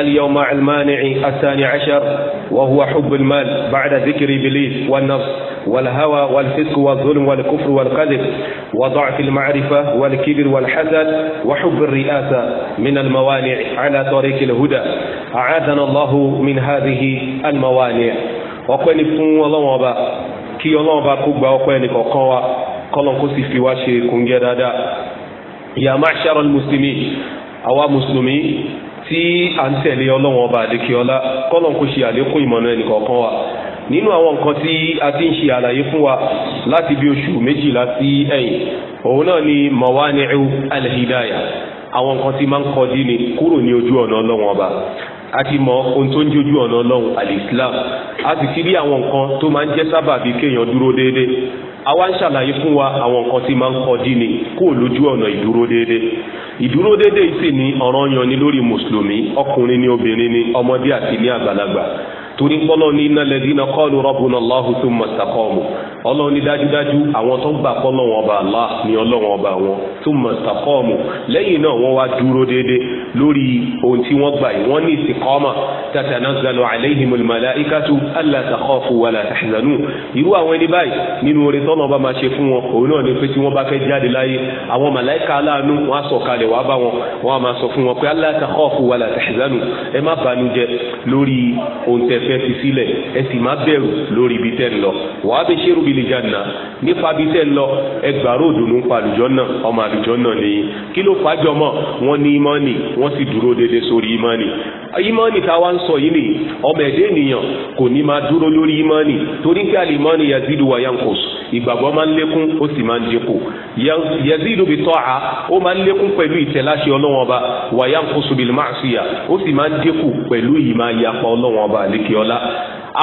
اليوم مع المانع الثاني عشر وهو حب المال بعد ذكر إبليس والنفس والهوى والفسق والظلم والكفر والكذب وضعف المعرفة والكبر والحسد وحب الرئاسة من الموانع على طريق الهدى أعاذنا الله من هذه الموانع وقال فون الله وبا كي الله وبا كبا وقال كوكوا قال كوسي في واشي كونجا يا معشر المسلمين أو مسلمين tí à ń tẹ̀lé ọlọ́wọ́n ọba àdékíọ́lá kọ́lọ̀ kó ṣe àlékún ìmọ̀nà ẹnìkọ̀ọ̀kan wa nínú àwọn nǹkan tí a ti ń ṣe àlàyé fún wa láti bí oṣù méjìlá sí ẹ̀yìn òun náà ni mawani'u alhidaya àwọn nǹkan tí máa ń kọ́ dí ni kúrò ní ojú ọ̀nà ọlọ́wọ́n ọba a ti mọ ohun tó ń jójú ọ̀nà ọlọ́run alislam a sì ti rí àwọn nǹkan tó máa ń jẹ́ sábàbí kéèyàn dúró déédéé àwa ń ṣàlàyé fún wa àwọn nǹkan tí máa ń kọ dí ni kó lójú ọ̀nà ìdúró déédéé ìdúró déédéé sì ni ọ̀ranyàn ni lórí mùsùlùmí ọkùnrin ni obìnrin ni ọmọdé àti ní àgbàlagbà torí pọ́lọ́ ní iná lẹ́dínà kọ́ọ̀lù rọ́bùnà Allahu thumma istaqamu ọlọ́run ní dájúdájú àwọn tó gbà pọ́lọ́ wọn ọba Allah ní ọlọ́run ọba wọn thumma istaqamu lẹ́yìn náà wọ́n wá dúró déédé lórí ohun tí wọ́n gbà yìí wọ́n ní istiqama tatanazzalu alaihimul malaikatu alla takhafu wala tahzanu irú àwọn ẹni báyìí nínú oore tọ́nà iṣẹ́ ti sílẹ̀ ẹ sì má bẹ̀rù lórí ibi tẹ́ ń lọ wàá bẹ ṣerú bíi janna nípa ibi tẹ́ ń lọ ẹ gbàrú òdùnnú ń pa àlùjànnà ọmọ àlùjànnà nìyí kí ló fàájọ mọ́ wọn ní ìmánì wọ́n sì dúró déédéé sórí ìmánì ìmánì tá a wá ń sọ yìí nìyí ọmọ ẹ̀dẹ́ ènìyàn kò ní máa dúró lórí ìmánì torí pé àlìmánì yazidu wa yankos ìgbàgbọ́ máa ń lékún ó sì máa ń dínkù yazidu bi tọ́ha ó máa ń lékún pẹ̀lú ìtẹ̀láṣẹ ọlọ́wọ́n ọba wa yankos bil ma'siya ó sì máa ń dínkù pẹ̀lú ìmáyapa ọlá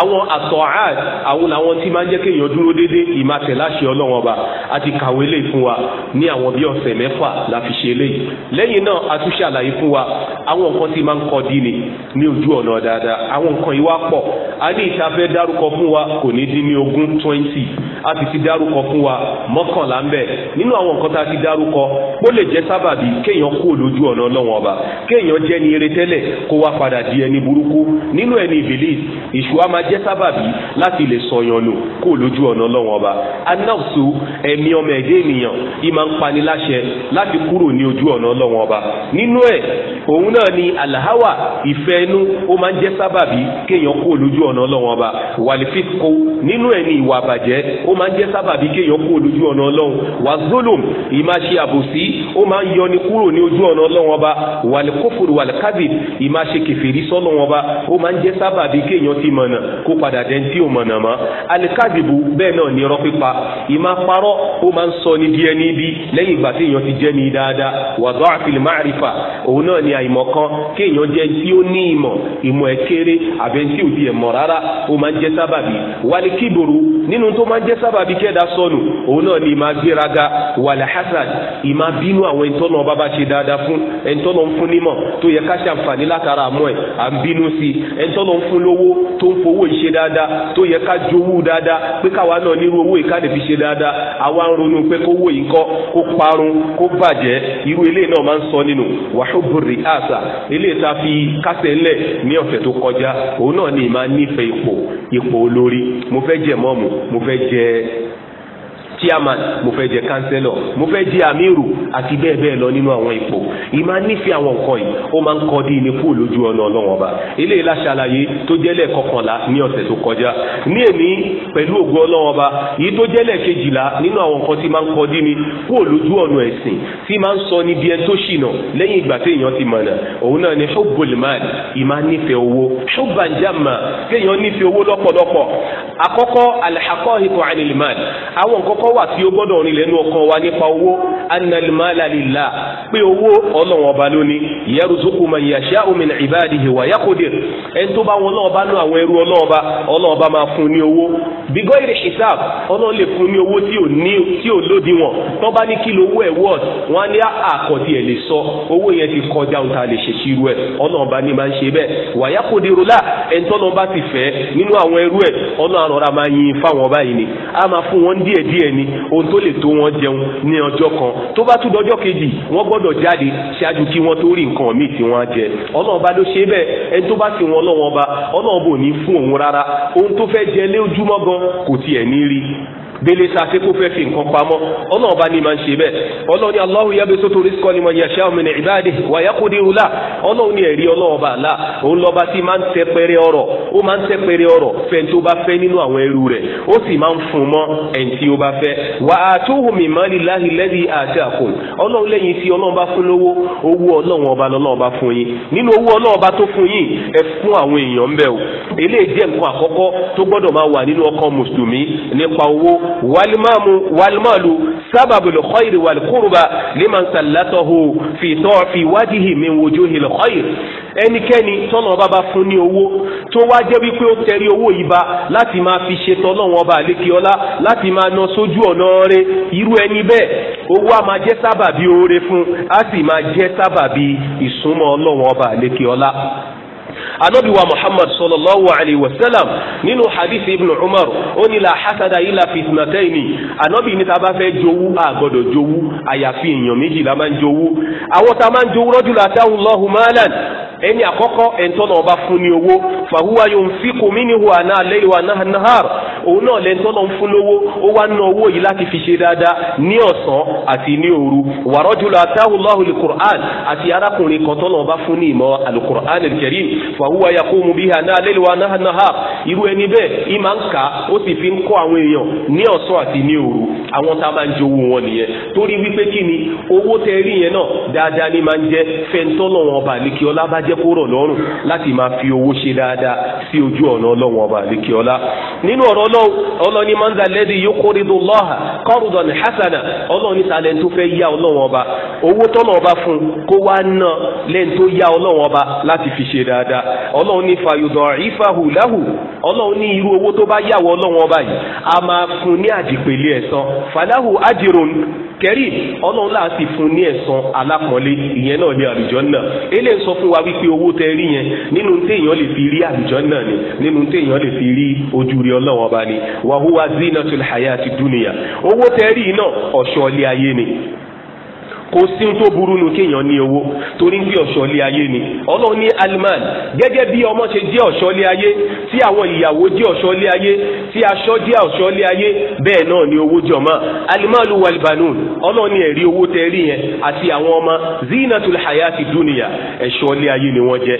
àwọn àtọ̀hán àwọn làwọn tí máa ń jẹ́ kéèyàn dúró dédé ìmàtẹ̀ láṣẹ ọlọ́wọ́n ọba àti kàwé lè fún wa ní àwọn bí ọ̀sẹ̀ mẹ́fà la fi ṣe lè lẹ́yìn náà a tún ṣàlàyé fún wa àwọn nǹkan tí máa ń kọ́ dín ni ní ojú ọ̀nà dáadáa àwọn nǹkan yìí wá pọ̀ a ní ìtafẹ́ dárúkọ fún wa kò ní dín ní ogún twenty a ti fi dárúkọ fún wa mọ́kànlá ń bẹ nínú àwọn nǹkan tá a ti dárúkọ ó lè jẹ́ sábàbí kéèyàn kú lójú ọ̀nà ọlọ́wọ́n ọba kéèyàn jẹ́ ni eré tẹ́lẹ̀ kó wá padà di ẹni burúkú nínú ẹni ìbílí ìṣù á máa jẹ́ sábàbí láti lè sọyàn lò kú lójú ọ̀nà ọlọ́wọ́n ọba anáwùsù ẹ̀mí ọmọ ẹ̀dẹ́ ènìyàn yìí máa ń pani láṣẹ láti kúrò ní ojú ọ̀nà ọlọ́wọ́n ọba nínú ẹ̀ òun náà ni àlàáwà ìfẹ́ inú ó máa ń jẹ́ sábàbí kéèyàn kú lójú ọ̀nà ọlọ́wọ́n ọba wàlífíkù nínú ẹ̀ ni ìwà àbàjẹ́ ó máa ń jẹ́ sábàbí kéèyàn kú lójú ọ̀nà ọlọ́run wà zolom ìmáṣe àbòsí ó máa ń yọni kúrò ní ojú ọ̀nà ọlọ́run ọba wàlẹ́kófòrò wàlẹ́kádì ìmáṣe kẹfìrí sọ́lọ́run ọba ó máa ń jẹ́ sábàbí kéèyàn ti mọ̀nà kó padà dẹ́ tí ò mọ̀nà mọ́ alikadibu bẹ́ẹ̀ náà ní irọ́ pípa ìmá parọ́ ó máa ń sọ ní díẹ̀ ní ibi lẹ́yìn ìgbà téèyàn ti jẹ́ ní ni àìmọ̀kan kéèyàn tí ó ní jẹ́ sábàbí kẹ́dà sọnù òun náà ni ìmá gbéraga wàlẹ̀ hasan ìmá bínú àwọn ẹ̀ńtọ́nà ọba bá ṣe dáadáa fún ẹ̀ńtọ́nà ń fún nímọ̀ tó yẹ ká ṣàǹfààní látara àmọ́ ẹ̀ à ń bínú sí ẹ̀ńtọ́nà ń fún lówó tó ń fowó ìṣe dáadáa tó yẹ ká jowú dáadáa pé káwa náà nírú owó ìkádè fi ṣe dáadáa àwa ń ronú pé kówó ìkọ́ kó parun kó bàjẹ́ irú eléyìí náà máa ń sọ nínú wàhúbùrì àṣà ni ìmá nífẹ̀ẹ́ ipò ipò olórí mo fẹ́ jẹ mọ́mù mo fẹ́ jẹ eh, chairman mo fẹ́ jẹ councillor mo fẹ́ jẹ amiru àti bẹ́ẹ̀ bẹ́ẹ̀ lọ nínú àwọn ipò ìmá nífẹ̀ẹ́ àwọn nǹkan yìí ó máa ń kọ́ dí ní kúrò lójú ọ̀nà ọlọ́wọ́n ọba eléyìí láṣàlàyé tó jẹ́lẹ̀ kọkànlá ní ọ̀sẹ̀ tó kọjá ní èmi pẹ̀lú ògùn ọlọ́wọ́n ọba yìí tó jẹ́lẹ̀ kejìlá nínú àwọn nǹkan tí máa ń kọ́ dí ní kúrò lójú ọ̀nà ẹ̀sìn tí máa ń sọ níbi ẹni tó ṣìnà lẹ́yìn ìgbà téèyàn ti mọ̀nà òun náà ni hubbul ìmá nífẹ̀ẹ́ owó hubban jamma nífẹ̀ẹ́ owó lọ́pọ̀lọpọ̀ àkọ́kọ́ alhaqa'iqu anil mal àwọn kọ́kọ́ wà tí ó gbọ́dọ̀ rìn lẹ́nu ọkàn wa nípa owó annalmala lillah pé owó ọlọ́wọ́n ọba lóní yarzuqu man yasha'u min ibadihi wa yaqdir ẹni tó bá wọn ọlọ́ọ̀ba nú àwọn ẹrú ọlọ́ọ̀ba ọlọ́ọ̀ba máa fún ní owó bígọ́ ìrè hisab ọlọ́ọ̀ lè fún ní owó tí ò lódi wọn tó bá ní kílò owó ẹ̀ wọ́ọ̀t wọn á ní àkọ́tì ah, ah, ẹ̀ lè sọ owó yẹn ti kọjá òun ta lè ṣe ṣírú ẹ̀ ọlọ́ọ̀ba ní máa ń ṣe bẹ́ẹ̀ wa yaqdiru la ẹni tọ́lọ́ọ̀ba ti fẹ́ nínú àwọn ẹrú ẹ̀ ọlọ́ọ̀ àrọ̀ra máa yin fáwọn báyìí ni á máa fún wọn díẹ̀díẹ̀ ni ohun tó lè tó wọn jẹun ní ọjọ́ kan tó bá tún dọjọ́ kejì wọ́n gbọ́dọ̀ jáde ṣáájú kí wọ́n tó rí nǹkan míì tí wọ́n á jẹ ọlọ́run bá ló ṣe bẹ́ẹ̀ ẹni tó bá sì wọn ọlọ́run ọba ọlọ́run bò ní fún òun rárá ohun tó fẹ́ jẹ lójúmọ́ gan kò tiẹ̀ ní rí délé sa ṣe kó fẹ́ fi nǹkan pamọ́ ọlọ́run bá ní máa ń ṣe bẹ́ẹ̀ ọlọ́run ní Allahu yabsutu rizqa liman yasha'u min ibadihi wa yaqdiru lahu ọlọ́run ní ẹ̀rí ọlọ́run bá là òun lọ́ba tí máa ń tẹ pẹrẹ ọ̀rọ̀ ó máa ń tẹ pẹrẹ ọ̀rọ̀ fẹ́ tó bá fẹ́ nínú àwọn ẹrú rẹ̀ ó sì máa ń fún mọ́ ẹni tí ó bá fẹ́ wa atuhu min mali llahi alladhi ataakum ọlọ́run lẹ́yìn tí ọlọ́run bá tó fún yín ẹ walimamu walimalu sábàbù lukhoyiri walikuruba liman sallatahu fi tọ́ fi من وجوه الخير lukhoyiri ẹnikẹ́ni tọ́nà ọba bá fún ní owó tó wá jẹ́ wípé ó tẹ̀rí owó yìí ba láti máa fi ṣe tọ́lọ́wọ́n ọba àlékiọ́lá láti máa ná sójú ọ̀nà rẹ̀ irú ẹni bẹ́ẹ̀ owó a máa jẹ́ sábàbí oore fún a sì máa jẹ́ sábàbí ìsúnmọ́ ọlọ́wọ́n ọba àlékiọ́lá anabi wa muhammad sallallahu alayhi wa sallam nínú hadith ibn umar ó ní la hasada ila fitnataini anabi ní ta bá fẹ́ jowú àgọ́dọ̀ jowú àyàfi èèyàn méjì la máa ń jowú àwọn tá a máa ń jowú rajul atahu Allahu malan ẹni àkọ́kọ́ ẹ̀ńtọ́nà ọba fún ní owó fàhùwà yunfiqu minhu àná alẹ́ ìwà náà nahar òun náà lẹ́ńtọ́nà ń fún lówó ó wá ná owó yìí láti fi ṣe dáadáa ní ọ̀sán àti ní òru wa rajul atahu Allahu àti arákùnrin kan tọ́nà ọba fún ní ìmọ̀ alukur'an alkarim fàhùwà yakumu biha náà lẹ́lẹ̀ wa náà náà irú ẹni bẹ́ẹ̀ ìmà ń kà ó sì fi ń kọ́ àwọn èèyàn ní ọ̀sán àti ní òru àwọn tá a máa wọn nìyẹn torí wípé ni owó tẹ rí yẹn náà dáadáa ni máa ń jẹ fẹ́ntọ́ lọ́wọ́n ọba àlekíọ́lá bá jẹ́ kó rọ̀ lọ́rùn láti máa fi owó ṣe dáadáa sí ojú ọ̀nà ọlọ́wọ́n ọba àlekíọ́lá nínú ọ̀rọ̀ ọlọ́ni máa ń da lẹ́dí yóò lọ́hà kọ́rùdọ̀nì hasana ọlọ́ni tó fẹ́ yá owó dáadáa ọlọ́run ní fàyọ̀dọ̀ ìfàhù láhù ọlọ́run ní irú owó tó bá yàwọ̀ ọlọ́run ọba yìí a máa fún ní àdìpèlé ẹ̀san fàláhù ájìròn kẹrí ọlọ́run láà sì fún ní ẹ̀san alápọ̀nlé ìyẹn náà ní àlùjànnà elé ń sọ fún wa wípé owó tẹ rí yẹn nínú téèyàn lè fi rí àlùjànnà ni nínú téèyàn lè fi rí ojú rí ọlọ́run ọba ni wàhúwa zinatul hayati dunia owó tẹ rí náà ọ̀ṣọ́ ilé ayé ni kò sí tó burú nu kéèyàn ní owó torí pé ọ̀ṣọ́ ilé ayé ni ọlọ́run ní alman gẹ́gẹ́ bí ọmọ ṣe jẹ́ ọ̀ṣọ́ ilé ayé tí àwọn ìyàwó jẹ́ ọ̀ṣọ́ ilé ayé tí aṣọ jẹ́ ọ̀ṣọ́ ilé ayé bẹ́ẹ̀ náà ni owó jọ̀mọ́ alimalu walbanun ọlọ́run ní ẹ̀rí owó tẹ́ rí yẹn àti àwọn ọmọ zinatul hayati duniya ẹ̀ṣọ́ ilé ayé ni wọ́n jẹ́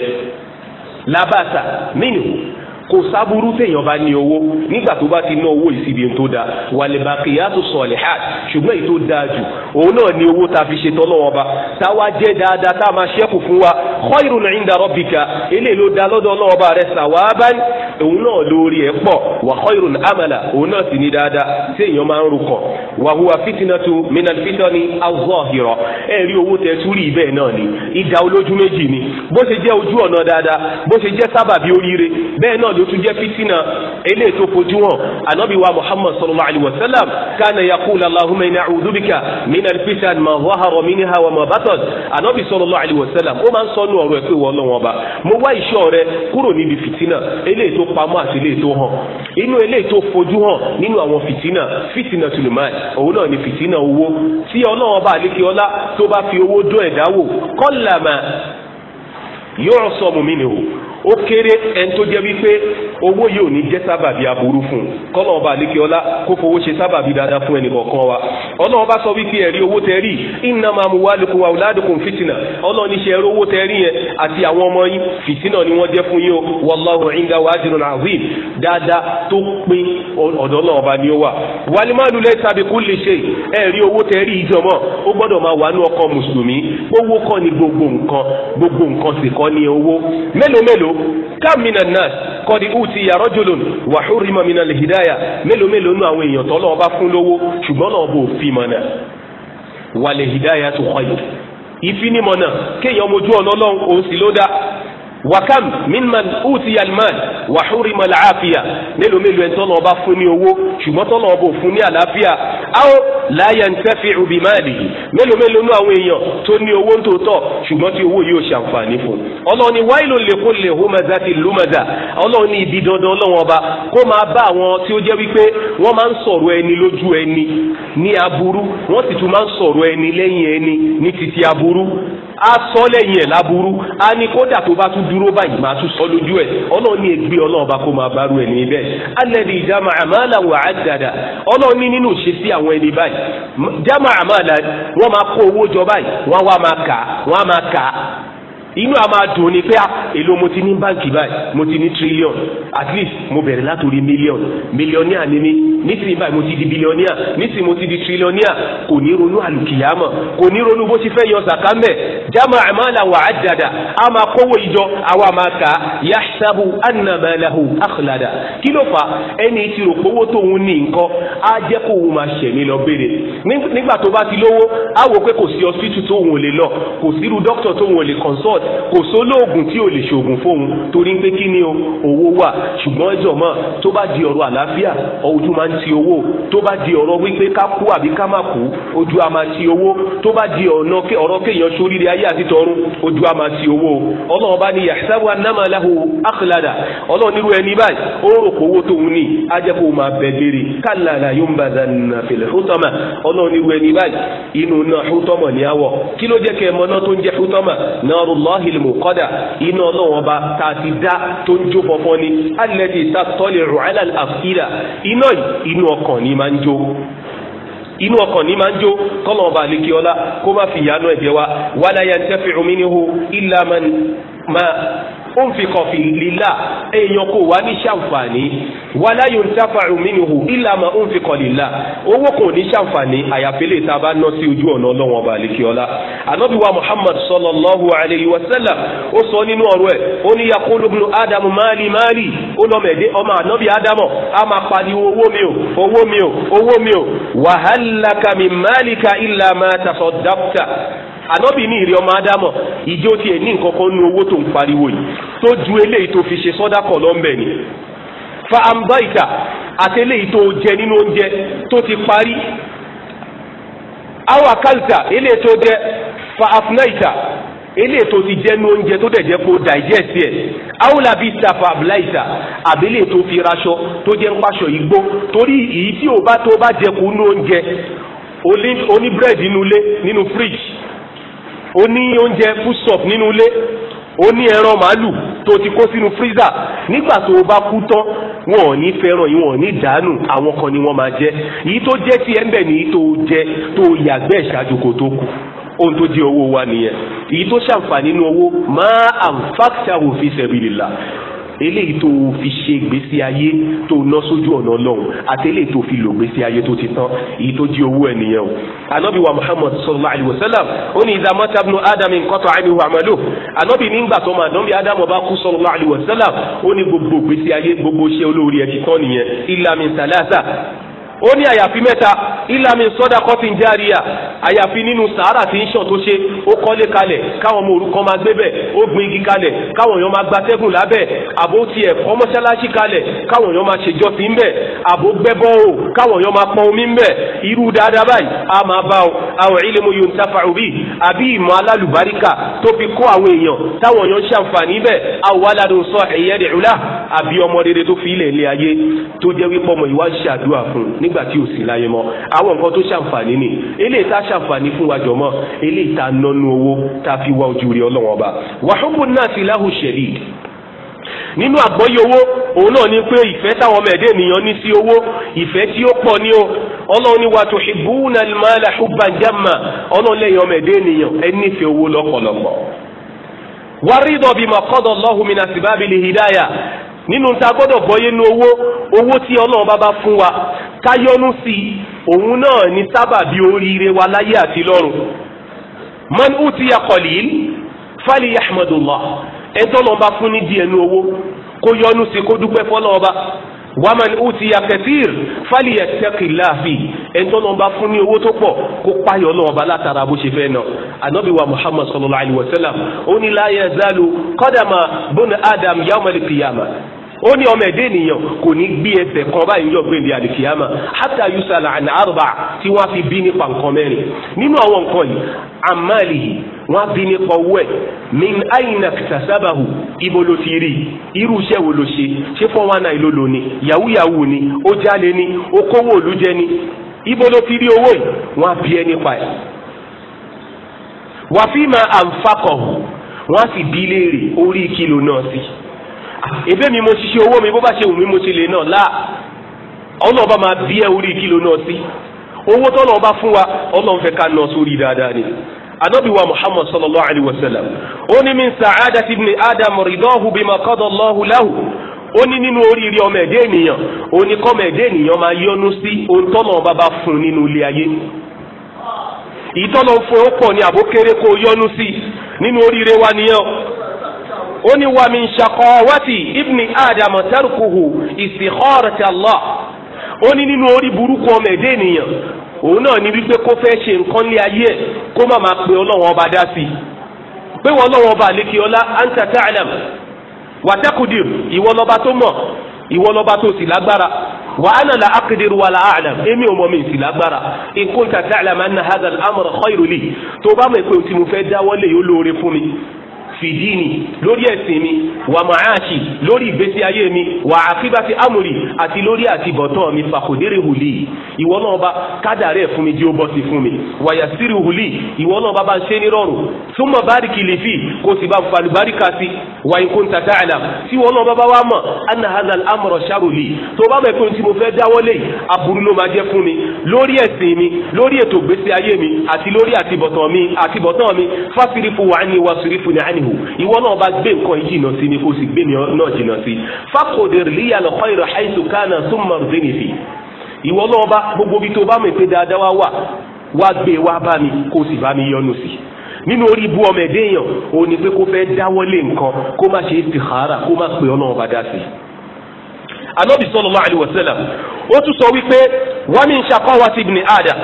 labasa minu kò sábúrú téèyàn bá ní owó nígbà tó bá ti ná owó ìsibí tó da wàlìbàkìyàtò sọ̀lìhàt ṣùgbọ́n èyí tó dáa jù òun náà ní owó tá a fi ṣe tọ́lọ́wọ́n ba tá a wá jẹ́ dáadáa tá a máa ṣẹ́kù fún wa khairun inda rabbika eléyìí ló da lọ́dọ̀ ọlọ́wọ́n bá rẹ̀ sàwábán òun náà lórí ẹ̀ pọ̀ wà khairun amala òun náà sì ní dáadáa téèyàn máa ń rúkọ̀ wà fitani azọ́hìrọ̀ ẹ̀ rí owó tẹ túrí ibẹ̀ náà ni ìdá olójú méjì ni bó ṣe ló tún jẹ́ fitina eléyìí tó fojú hàn anabi wa muhammad sallallahu alayhi wa sallam kana yaqulu allahumma inna a'udhu bika min al-fitan ma zahara minha wa ma batan anabi sallallahu alayhi wa sallam ó máa ń sọnù ọ̀rọ̀ ẹ̀ pé wọ́n lọ́wọ́ ba mo wá ìṣọ́ rẹ kúrò níbi fitina eléyìí tó pamọ́ àti eléyìí tó hàn inú eléyìí tó fojú hàn nínú àwọn fitina fitina tulumal òun náà ni fitina owó tí ọlọ́wọ́ bá àlékè ọlá tó bá fi owó dún ẹ̀dáwò kọ́làmà yóò sọ mùmí ni o ó kéré ẹni tó jẹ́ wípé owó yìí ò ní jẹ́ sábàbí aburú fún un kọ́nà ọba àlékè ọlá kó fowó ṣe sábàbí dáadáa fún ẹnì kọ̀ọ̀kan wa ọlọ́run sọ wípé ẹ̀rí owó tẹ rí innama amwalukum wa auladukum fìtìnà ọlọ́run ní ṣe ẹ̀rọ owó tẹ rí yẹn àti àwọn ọmọ yín fìtìnà ni wọ́n jẹ́ fún yín o wallahu inda wa ajrun azim dáadáa tó pin ọ̀dọ̀ náà ọba ni ó wà walimalu laysa bi kulli shay ẹ̀rí owó tẹ rí ìjọmọ́ ó gbọ́dọ̀ máa mélòó mélòó kam minan nas kọ́ni uti ya rajulun wa hurima minal hidaya mélòó mélòó nù àwọn èèyàn tọ́lọ́ ọba fún lówó ṣùgbọ́n náà bò fi mọ̀nà wal hidayatu khayr ìfinimọ̀nà kéèyàn mojú ọ̀nà ọlọ́run òun sì ló dá wakam mimman utiya almal wa hurima alaafiya mélòó mélòó ẹni tọ́lọ̀ ọba fún ní owó ṣùgbọ́n tọ́lọ̀ ọba ò fún ní àlàáfíà aw la yantafi'u bimalihi mélòó mélòó nú àwọn èèyàn tó ní owó ń tòótọ́ ṣùgbọ́n tí owó yóò ṣàǹfààní fún ọlọ́run ni wailun likulli humazati lumazah ọlọ́run ni ibi dandan ọlọ́run ọba kó máa bá àwọn tí ó jẹ́ wípé wọ́n máa ń sọ̀rọ̀ ẹni lójú ẹni ní aburú wọ́n sì tún máa ń sọ̀rọ̀ ẹni lẹ́yìn ẹni ní titi aburú a sọ lẹ́yìn ẹ̀ láburú a ní kódà tó bá tún dúró báyìí máa tún sọ lójú ẹ̀ ọlọ́run ní ègbé ọlọ́run bá kó máa bá rú ẹ̀ ní ibẹ̀ alladhi wa addada ní nínú ṣe àwọn ẹni báyìí jama'a máa kó owó jọ báyìí wọ́n wá máa kà inú a máa dùn ni pé ah, èlò mo ti ní báǹkì báyìí mo ti ní tírílíọ̀n at least mo bẹ̀rẹ̀ látòrí mílíọ̀n mílíọ̀níà ni mí nísìnyí báyìí mo ti di bílíọ̀níà nísìnyí mo ti di tírílíọ̀níà kò ní ronú àlùkìyàmọ̀ kò ní ronú bó ti fẹ́ yọ sàkà mẹ́ jama amala wa adada a máa kówó ìjọ àwa máa kà á yahsabu anamalahu akhlada kí ló fà ẹni tí rò pé owó tóun ní nǹkan á jẹ́ kó òun máa ṣẹ̀mí lọ béèrè nígbà tó bá ti lówó á wò pé kò sí hospital tóun ò lè lọ kò sírú dókítà tóun ò lè consult kò sólóògùn tí ò lè ṣoògùn fóun torí pé kí ni o owó wà ṣùgbọ́n ẹ̀jọ̀ mọ́ tó bá di ọ̀rọ̀ àlàáfíà ojú máa ń ti owó tó bá di ọ̀rọ̀ wípé ká kú àbí ká má kú ojú a máa ti owó tó bá di ọ̀rọ̀ kéèyàn sóríire ayé àti tọ̀run ojú a máa ti owó ọlọ́run bá ní yahsabu annama lahu akhlada ọlọ́run nírú ẹni báyìí ó rò kó owó tóun ní á jẹ́ kó máa bẹ gbére kalla la yumbazanna fil hutama ọlọ́run nírú ẹni báyìí inú náà hútọ́mọ̀ ní nárọ̀lọ́hìl mùkọ́dà iná ọlọ́wọ́n bá tá a ti dá tó ń jó fọfọ́ ni alẹ́dì tá a tọ́lẹ̀ rọ̀ẹ́lá àfíìlà iná inú ọkàn ni máa ń jó inú ọkàn ní máa ń jó kọ́lọ̀ ọba àlekí ọlá kó má fi ìyanu ẹ̀jẹ̀ wa wàlàyé ń omi ní hu máa ó ń fi kọfì lílà èèyàn kò wá ní ṣàǹfààní wàlá yuntafa minhu illa ma ń fi kọ lílà owó kò ní ṣàǹfààní àyàfẹ́lẹ́ tá a bá ná sí ojú ọ̀nà ọlọ́wọ́n ọba àlekíọ́lá anabi muhammad sallallahu alayhi wa sallam ó sọ nínú ọ̀rọ̀ ẹ̀ ó ní yakulu ibnu adamu maali maali ó lọ́mẹ̀dé ọmọ anabi adamu a máa pariwo owó mi o owó mi o owó mi o wa hallaka min maalika illa ma tasaddaqta ànábì ní ìrì ọmọ ádámọ̀ ìjẹ́ ó tiẹ̀ ní nǹkan kan nu owó tó ń pariwo yìí tó ju eléyìí tó fi ṣe sọ́dá kọ̀ lọ́mbẹ̀ ni fa ambaita àti eléyìí tó jẹ nínú oúnjẹ tó ti parí awa kalta eléyìí tó jẹ fa afnaita eléyìí tó ti jẹ nínú oúnjẹ tó dẹ̀ jẹ́ kó digest yẹ awola bíi tafa ablaita àbílẹ̀ tó fi raṣọ tó jẹ́ ń paṣọ igbó torí èyí tí o bá tó bá jẹ kó nínú oúnjẹ oní búrẹ́dì nínú ilé nínú fíríjì ó ní oúnjẹ food stop nínú ilé ó ní ẹran màálù tó ti kó sínú freezer nígbà tó o bá kú tán wọn ò ní fẹ́ràn yìí wọn ò ní dànù àwọn kan ni wọ́n máa jẹ èyí tó jẹ́ tiẹ̀ ń bẹ̀ ní tó jẹ tó yàgbẹ́ ìṣáájú kó tó kù ohun tó di owó wa nìyẹn èyí tó ṣàǹfààní nínú owó máa àǹfààkì àwòfin sabilillah eléyìí tó fi ṣe gbèsè ayé tó ná sójú ọ̀nà ọlọ́run àti eléyìí tó fi lò gbèsè ayé tó ti tán èyí tó di owó ènìyàn o. anábì wa muhammad sallallahu alayhi wa sallam ó ní ìdá mọ́tàbínú ádámù nǹkọ́tọ̀ àìníwò àmàlò anábì nígbà tó máa dánbí ádámù ọba kú sallallahu alayhi wa sallam ó ní gbogbo gbèsè ayé gbogbo iṣẹ́ olóore ẹ̀ ti tán nìyẹn ìlàmì ó ní àyàfi mẹ́ta ìlàmì sọ́dà kọ́tìn járíà àyàfi nínú sàárà tí ń ṣàn tó ṣe ó kọ́lé kalẹ̀ káwọn ọmọ òrukàn máa gbé bẹ̀ ó gbin igi kalẹ̀ káwọn èèyàn máa gbatẹ́gùn lábẹ́ àbó tiẹ̀ kọ́ mọ́ṣáláṣí kalẹ̀ káwọn èèyàn máa ṣèjọsìn bẹ̀ àbó gbẹ́bọ́ o káwọn èèyàn máa pọn omi bẹ̀ irú dáadáa báyìí a máa bá o àwọn nígbà tí ò sí láyé mọ́ àwọn nǹkan tó ṣàǹfààní ni eléyìí tá ṣàǹfààní fún wa jọmọ́ eléyìí tá nánú owó tá fi wá ojú rí ọlọ́wọ́n ọba wàhùnbù náà ti láhùn ṣẹ̀lì nínú àgbọ́yé owó òun náà ni pé ìfẹ́ táwọn ọmọ ẹ̀dẹ́ ènìyàn ní sí owó ìfẹ́ tí ó pọ̀ ní o ọlọ́run ni watuhibbuna al-mala hubban jamma ọlọ́run lẹ́yìn ọmọ ẹ̀dẹ́ ènìyàn ẹ nínú ta gbọ́dọ̀ gbọ́yé ní owó owó tí ọlọ́run bá bá fún wa káyọ́nú sí i òun náà ni sábàbí oríire wa láyé àti lọ́run man utiya qalil fali yahmadullah ẹjọ́ lọ́n bá fún ní díẹ̀ ní owó kó yọ́nú sí i kó dúpẹ́ fọ́lọ́run bá waman utiya kathir fali yattaqillah fi ẹjọ́ lọ́n bá fún ní owó tó pọ̀ kó páyọ̀ lọ́wọ́ bá látara bó ṣe fẹ́ náà anabi wa muhammad sallallahu alayhi wa sallam ó ní la yazalu adam yawmal qiyamah ó ní ọmọ ẹ̀dẹ́ ènìyàn kò ní gbé ẹsẹ̀ kan báyìí yọ gbé ní àlìkìyàmà hatta yusala àná àrùbà tí wọ́n á fi bí nípa nǹkan mẹ́rin nínú àwọn nǹkan yìí àmàlì yìí wọ́n á bí nípa owó ẹ̀ min aina kìtàsábàhù ibo ló wo ló ṣe ṣé fọ́n wánà ìlò lò ní yahoo yahoo ni ó jálè ni ó kówó òlú jẹ ni ibo ló ti rí owó yìí wọ́n á bí ẹ nípa ẹ̀ wàfíìmà àǹfàkọ̀hù wọ́n sì bí léèrè orí kìlò náà sí i ebe mi mo ti ṣe owó mi bó bá ṣe wù mí mo ti lè náà láà ọlọ́ọ̀bá máa bí ẹ orí kílò náà sí owó tọ́lọ̀ ọba fún wa ọlọ́run fẹ́ ká nọ sórí dáadáa ni anabi wa muhammad sallallahu alayhi wa sallam ó ní min sa'adati ibn adam ridahu bima qada allahu lahu ó ní nínú oríire ọmọ ẹ̀dẹ́ ènìyàn ó ní kọ́mọ ẹ̀dẹ́ ènìyàn máa yọ́nú sí ohun tọ́lọ̀ ọba bá fún nínú ilé ayé ìtọ́lọ̀ fún ó pọ̀ ní àbókéré kó yọ́nú sí nínú oríire wa nìyẹn ó ní wa min shaqawati ibni adam tarkuhu istikharati Allah ó ní nínú orí burúkú ọmọ ẹ̀dẹ́ ènìyàn òun náà ní wípé kó fẹ́ ṣe nǹkan lé ayé ẹ̀ kó má máa pe ọlọ́run ọba dá sí i pé wọn ọlọ́run ọba àlékè ọlá anta ta'lam wàtẹ́kùdìr ìwọ lọ́ba tó mọ̀ ìwọ lọ́ba tó sì lágbára wa ana la aqdir wa la a'lam èmi ò mọ̀ mi sì lágbára in ta'lam anna hadha al-amra khayru tó bá mọ̀ pé o ti mo fẹ́ dáwọ́lé yóò lóore fún mi fìdíni lórí ẹ̀sìn mi wà màáṣì lórí ìgbésí ayé mi wà àkíbàtì amòrì àti lórí àtibọ̀tán mi fàkòdérè hùlì ìwọ náà bá kádàrẹ́ fún mi jí ó bọ́ sí fún mi wàyà sírì hùlì ìwọ náà bá bá ń ṣe ní rọrùn súnmọ́ báríkì lè fi kó sì bá ń fa àlùbáríkà sí wà ń kó ń tata àlà tí ìwọ náà bá bá wá mọ̀ anna hazal amọ̀rọ̀ sàròlì tó bá mọ̀ pé ohun tí mo fẹ́ dáwọ́lé aburú ló máa jẹ́ fún mi lórí ẹ̀sìn mi lórí ètò ìgbésí ayé mi àti lórí àtibọ̀tán mi àtibọ̀tán mi fásirifu wà ní anhu ìwọ náà bá gbé nǹkan yìí jìnnà sí ni kó sì gbé náà jìnnà sí faqdir liya al-khayra haythu kana thumma rdini fi ìwọ náà bá gbogbo bí tó bá mọ̀ pé dáadáa wá wà wá gbé wá bá mi kó sì bá mi yọ́nú sí i nínú orí ibú ọmọ ẹ̀dẹ́ èèyàn òun ni pé kó fẹ́ dáwọ́lé nǹkan kó má ṣe istikhara kó má pè ọlọ́run bá dá sí i. Ànábì sallallahu alaihi wasallam ó tún sọ wípé wa min shaqawati ibn Adam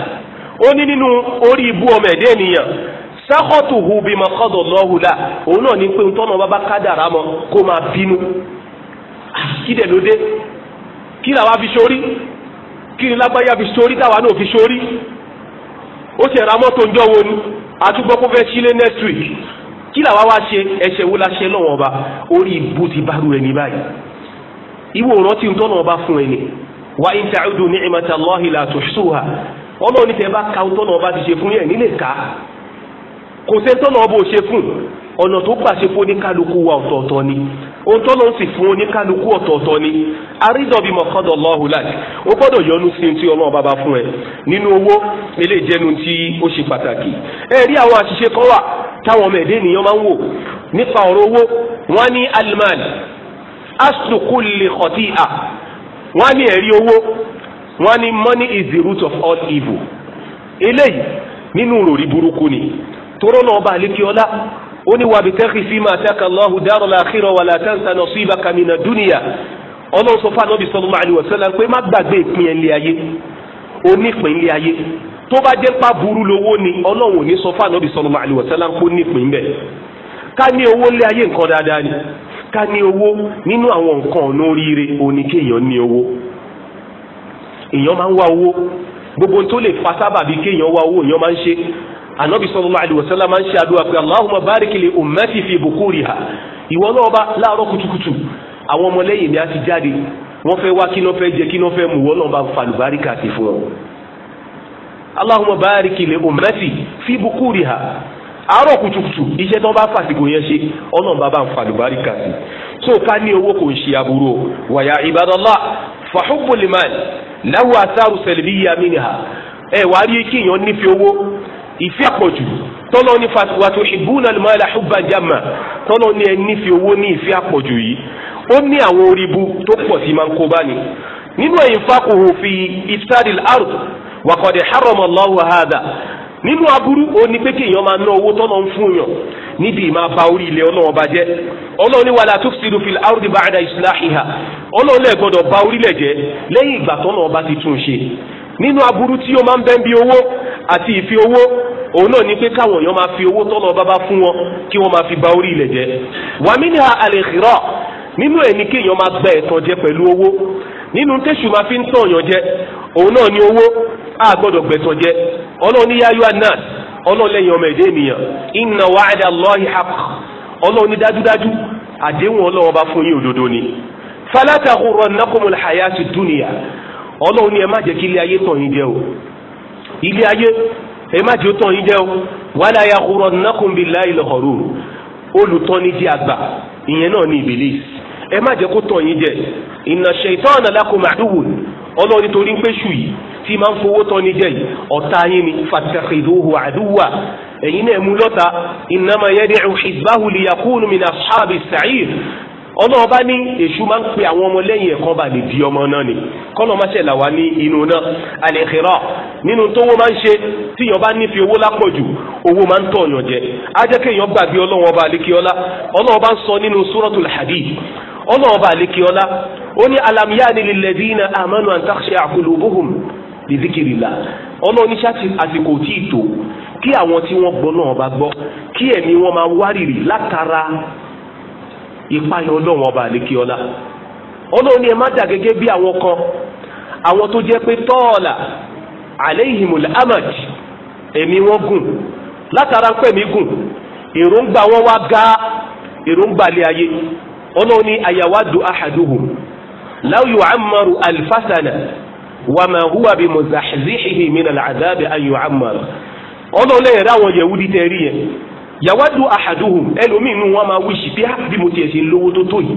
ó ní nínú orí ibú ọmọ ẹ̀dẹ́ ènìyàn sákọ̀tù hu bí ma kọ́dọ̀ lọ́hùn la òun náà ní pé ntọ́nà bàbá kádàrá mọ kó máa bínú ah, kí dẹ̀ ló dé kí làwa fi sórí kí ni lágbáyà fi sórí táwa náà fi sórí ó sì ra mọ́tò ńjọ́ wo ni àtúgbọ́ kó fẹ́ sílé next week kí làwa wá ṣe ẹsẹ̀ wo la ṣe lọ́wọ́n ọba orí ibu ti bá ru ẹni báyìí ìwọ rántí ntọ́nà ọba fún ẹni wa in ta'udu ni'matallahi la tuhsuha ọlọ́run ní tẹ́ bá ka ntọ́nà ọba ti fun fún yẹn nílé ká kò sẹ́ tọ́nà ọba ò ṣe fún ọ̀nà tó gbà fún oníkálukú wa ọ̀tọ̀ọ̀tọ̀ ni ohun tọ́nà ń sì fún oníkálukú ọ̀tọ̀ọ̀tọ̀ ni àrídọ̀bí mọ̀kọ́dọ̀ lọ́hùn láti ó gbọ́dọ̀ yọnu sí ti ọlọ́run bàbá fún ẹ nínú owó eléyìí jẹ́nu tí ó ṣe pàtàkì ẹ rí àwọn àṣìṣe kan wà táwọn ọmọ ẹ̀dẹ́ ènìyàn máa ń wò nípa ọ̀rọ̀ owó wọ́n ní alman aslu kulli khati'a wọ́n ní ẹ̀rí owó wọ́n ní money is the root of all evil eléyìí nínú ròrí burúkú ni tóró náà bá lékè ọlá ó ní wàbí tẹ́kì fíìmù àtẹ́kà lọ́hùn dárò láàkírọ̀ wà látẹ́ǹsà náà sí ibà kàmínà dúnìyà ọlọ́run sọ fún anábì sọlọ́mọ àlùwẹ̀ sẹ́lá pé má gbàgbé ìpín ẹ̀ lé ayé onípín lé ayé tó bá jẹ́ pa burú lówó ni ọlọ́run ò ní sọ fún anábì sọlọ́mọ àlùwẹ̀ sẹ́lá pé onípín bẹ́ẹ̀ ká ní owó lé ayé nǹkan dáadáa ni ká ní owó nínú àwọn nǹkan oríire oníkéèyàn ní owó èèyàn máa ń wá owó gbogbo tó lè fa sábàbí kéèyàn wá owó èèyàn máa ń ṣe anabi sallallahu alaihi wasallam máa ń ṣe àdúrà pé allahumma barik li ummati fi bukuriha ìwọ náà bá láàárọ̀ kùtùkùtù àwọn ọmọlẹ́yìn mi á ti jáde wọ́n fẹ́ wá kí náà fẹ́ jẹ kí náà fẹ́ mú wọ́n náà bá falùbáríkà sí fún wọn. allahumma barik li ummati fi bukuriha àárọ̀ kùtùkùtù iṣẹ́ tó bá fàsìkò yẹn ṣe ọlọ́run bá bá ń falùbáríkà sí tó ká ní owó kò ń ṣe aburú o wàyà ibadallah fàhùbùlìmán láwù àtàrù sẹlẹ̀bí yamínà ẹ̀ wá rí kí èèyàn nífẹ̀ẹ́ owó ìfẹ́ àpọ̀jù tọ́lọ́ ní wàtò ìbúnà mọ́lá hubba jamma tọ́lọ́ ní ẹ nífẹ̀ẹ́ owó ní ìfẹ́ àpọ̀jù yìí ó ní àwọn oríbu tó pọ̀ sí máa ń kó bá ní. nínú ẹ̀yìn fákòhò fi ifsadil ard wàkọ̀dé harama Allahu hada nínú aburú ó ní pé kéèyàn máa ná owó tọ́lọ́ ń fún yàn níbi ìmáa ba orí ilẹ̀ ọlọ́run bá jẹ́ ọlọ́run ní wàlá tufsidu fil ardi ba'da islahiha ọlọ́run lè gbọ́dọ̀ ba orílẹ̀ jẹ́ lẹ́yìn ìgbà tọ́lọ́run bá ti tún un ṣe nínú aburú tí ó máa ń bẹ́ ń owó àti ìfi owó òun náà ni pé káwọn èèyàn máa fi owó tọ́lọ̀ bábá fún wọn kí wọ́n máa fi ba orí ilẹ̀ jẹ́ wà mí ní àlèkìrọ̀ nínú ẹ̀ ní kéèyàn máa gba ẹ̀tàn jẹ pẹ̀lú owó nínú tẹ̀sù máa fi ń tàn yàn jẹ òun náà ni owó a gbọ́dọ̀ gbẹ̀tàn jẹ ọlọ́run ní yáyọ anas ọlọ́run lẹ́yìn ọmọ ẹ̀dẹ́ ènìyàn inna wa'ada Allahi haqq ọlọ́run ní dájúdájú àdéhùn ọlọ́run bá fún yín òdodo ni fala taghurrannakumul hayatu dunya ọlọ́run ní ẹ má jẹ́ kí ilé ayé tàn yín jẹ o ilé ayé ẹ má jẹ́ tán yín jẹ́ o wala yaghurrannakum billahi al-gharur olùtọ́ni jẹ́ àgbà ìyẹn náà ní Ìbílísì ẹ má jẹ́ kó tán yín jẹ́ inna shaytana lakum aduwwun ọlọ́ọ̀ni torí ń pé ṣù yìí tí máa ń fowó tọ́ni jẹ́ yìí ọ̀tá yín ni fattakhiduhu aduwwa ẹ̀yin náà mú lọ́ta innama yad'u hizbahu liyakunu min ashabis sa'ir ọlọ́run bá ní èṣù máa ń pe àwọn ọmọ lẹ́yìn ẹ̀kọ́ bá lè di ọmọ náà ni kọ́nà máa ṣẹlẹ̀ wá ní inú náà àlẹ́kẹ̀rọ nínú tówó máa ń ṣe tíyàn bá nífi owó lápọ̀jù owó máa ń tọ̀yàn jẹ á jẹ́ kéèyàn gbàgbé ọlọ́run ọba àlékiọlá ọlọ́run bá ń sọ nínú súrọ́tùl hadid ọlọ́run ọba àlékiọlá ó ní alamiyani lilladina amanu an takhsha qulubuhum li dhikrillah ọlọ́run ní sáà àsìkò tí ì tó kí àwọn tí wọ́n gbọ́ náà bá ìpayà ọlọ́run ọba àlekí ọlá ọlọ́run ni ẹ má dà gẹ́gẹ́ bí àwọn kan àwọn tó jẹ́ pé tọ́ọ̀là àléhìmùlẹ̀ amad ẹ̀mí wọn gùn látara ń pẹ̀mí gùn èròǹgbà wọn wá ga èròǹgbà lé ayé ọlọ́run ni àyàwádù ahaduhum law yu'ammaru alfasana wàmà húwà bí muzahzihihi min al'adhabi ọlọ́run lẹ́yìn rẹ̀ àwọn yàwádùn àhàdùhùn ẹlòmíín nu wọn máa wíṣì bí ah, bí mo tiẹ̀ ṣe ń lówó tó tó yìí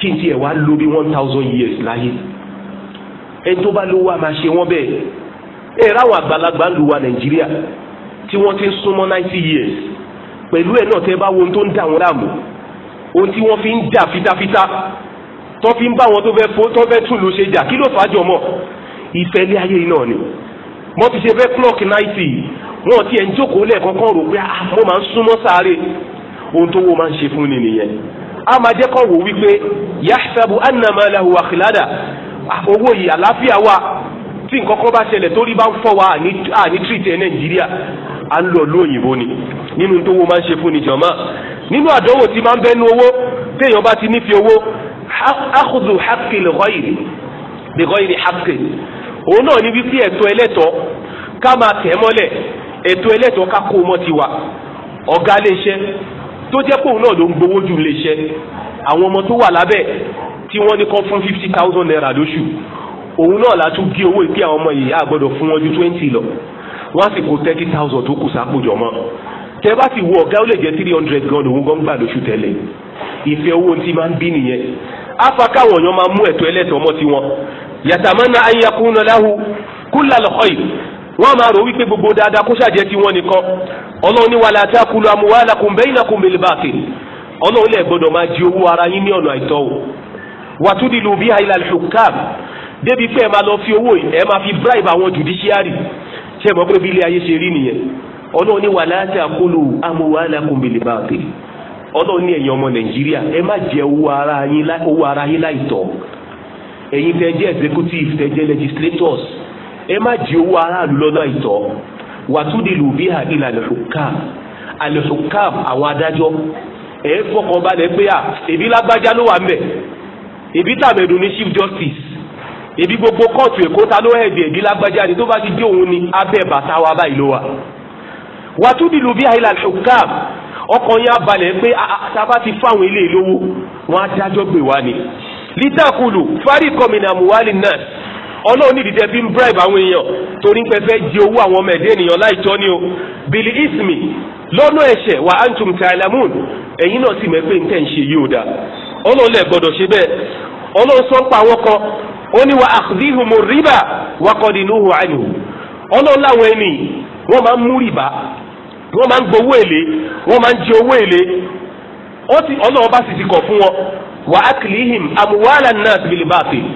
kí n tiẹ̀ wá lò bí one thousand years láyé ẹni tó bá lówó a máa ṣe wọ́n bẹ́ẹ̀ ẹ ráwọn àgbàlagbà lu wa nàìjíríà tí wọ́n ti ń súnmọ́ ninety years pẹ̀lú ẹ̀ náà tẹ́ bá wo ohun tó ń dà wọ́n láàmú ohun tí wọ́n fi ń jà fitafita tó fi ń bá wọn tó fẹ́ fó tó fẹ́ tún lò ṣe jà kí ló fàájọ mọ́ ìfẹ́ ilé ayé náà ni mo ti ṣe fẹ́ clock ninety wọn ti ẹ̀ ń jókòó lẹ́ẹ̀kọ́kọ́ rò pé ah, mo máa ń súnmọ́ sáré ohun tó wó máa ń ṣe fún ni nìyẹn a máa jẹ́ kọ́ wò wípé yahsabu annama lahu akhlada ah, owó yìí àlàáfíà wa tí nǹkan kan bá ṣẹlẹ̀ torí bá ń fọ́ wa àní tìrìtì ẹ̀ nàìjíríà à ń lọ lóyìnbó ni nínú tó wó máa ń ṣe fún ni jọ̀mọ́ nínú àdánwò tí máa ń bẹ́nu owó téèyàn bá ti nífi owó akhudhu haqqi lghayri bighayri haqqi òun náà ní wípé ẹ̀tọ́ ẹlẹ́tọ́ ká máa tẹ̀ mọ́lẹ̀ ètò ẹlẹ́tọ̀ọ́ ká kó mọ́ ti wà ọ̀gá iléeṣẹ́ tó jẹ́ pòun náà ló ń gbowó ju iléeṣẹ́ àwọn ọmọ tó wà lábẹ́ tí wọ́n ní kọ́ fún fifty thousand naira lóṣù òun náà la tún gé owó ìpí àwọn ọmọ yìí á gbọ́dọ̀ fún wọn ju twenty lọ wọ́n á sì kó thirty thousand tó kù sápòjọ mọ́ tẹ bá ti wo ọ̀gá ó lè jẹ́ three hundred gan lòun gan gbà lóṣù tẹ́lẹ̀ ìfẹ́ owó ti máa ń bí nìyẹn afa káwọn èèyàn máa mú ẹ̀tọ́ ẹlẹ́tọ̀ ọmọ tiwọn yàtàmánà ayakúnnáláhu kúlàlọ́kọ́yì wọ́n máa rò wípé gbogbo dáadáa kó ṣàjẹ́ tí wọ́n nìkan ọlọ́run ní wàlá tá a kulu amwalakum bainakum bil batil ọlọ́run lè gbọ́dọ̀ máa jí owó ara yín ní ọ̀nà àìtọ́ o wàtúndínlù biha ila al-hukkam débi pé ẹ máa lọ fi owó ẹ máa fi bribe àwọn judiciary ṣe mọ̀ pé bí ilé ayé ṣe rí nìyẹn ọlọ́run ní wàlá tá a kulu amwalakum bil batil ọlọ́run ní ẹ̀yin ọmọ nàìjíríà ẹ má jẹ owó ara yín láìtọ́ ẹ̀yin tẹ́ jẹ́ executive tẹ́ jẹ́ legislators ẹ má jí owó aráàlú lọ́nà ìtọ́ wàtúndínlù bí hà ilà lẹ́fọ̀kà àlẹ́fọ̀kà àwọn adájọ́ ẹ fọkàn balẹ̀ pé à èbí lágbájá ló wà mbẹ̀ èbí tàmẹ̀dùn ní chief justice èbí gbogbo kóòtù èkó ta ló hẹ̀dì èbí lágbájá ni tó bá ti dé òun ni abẹ́ bàtà wa báyìí ló wà wàtúndínlù bí hà ilà lẹ́fọ̀kà ọkàn yẹn abalẹ̀ pé àtàbá ti fáwọn ilé ìlówó wọn adájọ́ gbé wa ni lítákùlù fárí kọ́mìnà mùwálì náà ọlọ́run nídìí tẹ́ fi ń bribe àwọn èèyàn torí ń pẹ́fẹ́ jẹ owó àwọn ọmọ ẹ̀dẹ́ ènìyàn láìtọ́ ni o bìlì ismi lọ́nà ẹ̀ṣẹ̀ wà antum ta'lamun ẹ̀yin náà sì mẹ́pẹ́ ń tẹ̀ ń ṣe yìí ó ọlọ́run lẹ̀ gbọ́dọ̀ ṣe bẹ́ẹ̀ ọlọ́run sọ ń pa àwọn kan ó ní wa akhdhihumu riba wa qad nuhu anhu ọlọ́run láwọn ẹni wọ́n máa ń mú rìbá wọ́n máa ń gbowó èlé wọ́n máa ń jẹ owó èlé ọlọ́run bá sì ti kọ̀ fún wọn wa aklihim amwala an-nas bil batil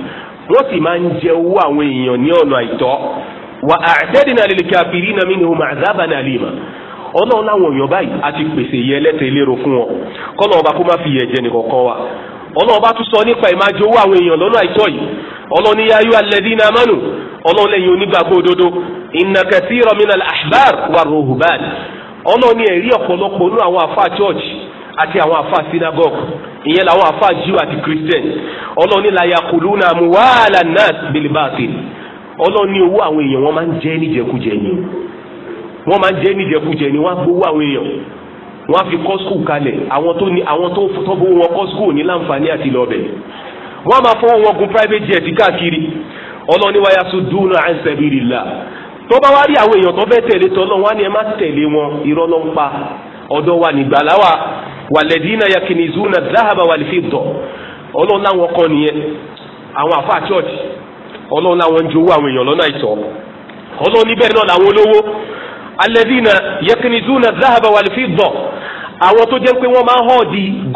wọ́n sì máa ń jẹ owó àwọn èèyàn ní ọ̀nà àìtọ́ wà a'tadna lil kafirina minhum 'adhaban alima ọlọ́run láwọn èèyàn báyìí a ti pèsè ìyẹ ẹlẹ́tẹ̀ ìlérò fún wọn kọ́nà ọba kó má fi ìyẹ jẹ nìkọ̀ọ̀kan wa ọlọ́run bá tún sọ nípa ìmájọ owó àwọn èèyàn lọ́nà àìtọ́ yìí ọlọ́run ya lẹ́yìn onígbàgbọ́ òdodo ẹ̀rí ọ̀pọ̀lọpọ̀ nú àti àwọn àfa synagogue ìyẹn làwọn àfa Jew àti Christian ọlọ́ni la yakuluna amuwaala nas bilibaatil ọlọ́ni owó àwọn èèyàn wọ́n máa ń jẹ́ níjẹkújẹ ni wọ́n máa ń jẹ́ níjẹkújẹ ni wọ́n á gbowó àwọn èèyàn wọ́n á fi kọ́ skul kalẹ̀ àwọn tó ní àwọn tó tọ́gbó wọn kọ́ skul ní láǹfààní àti lọ́ọ̀bẹ̀ wọ́n á máa fọwọ́ wọn gun private jet káàkiri ọlọ́ni wa yasuduna an sabilillah tó bá wá rí àwọn èèyàn tó fẹ́ tẹ̀lé tọ́lọ́ wọn á ní ẹ má tẹ̀lé wọn irọ́ ń pa ọ̀dọ̀ wa nìgbàlá wa wàlẹ́dínà na dáhàbà wàlífìdọ̀ ọlọ́run láwọn kan nìyẹn àwọn àfáà church ọlọ́run láwọn jowó àwọn èèyàn lọ́nà àìtọ́ ọlọ́run na náà làwọn olówó alẹ́dínà yakinizuna dáhàbà wàlífìdọ̀ àwọn tó jẹ́ pé wọ́n máa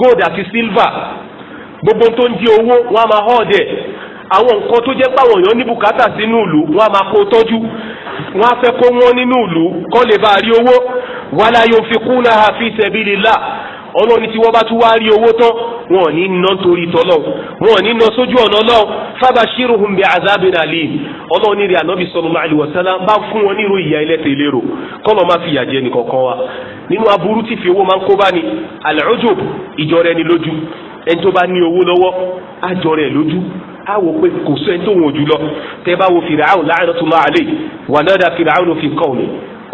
gold àti silver gbogbo tó ń di owó máa àwọn nǹkan tó jẹ́ pàwọn èèyàn ní bùkátà sínú ìlú wọn a máa kó tọ́jú wọn a fẹ́ kó wọn nínú ìlú kọ́ lè bá a rí owó wala yunfiqunaha fi sabilillah ọlọ́ni tí wọ́n bá tún wá rí owó tán wọn ò ní ná torí tọ́lọ̀ wọn ò ní sójú ọ̀nà lọ́wọ́ fabashiruhum azabin ọlọ́ni bá fún wọn ìyá ẹlẹ́tẹ̀ lérò A wò pé kò sọ ẹni tó wọn jù lọ tẹ bá wo fìràhùn la'natullahi alayhi wa nada fìràhùn fi qawmi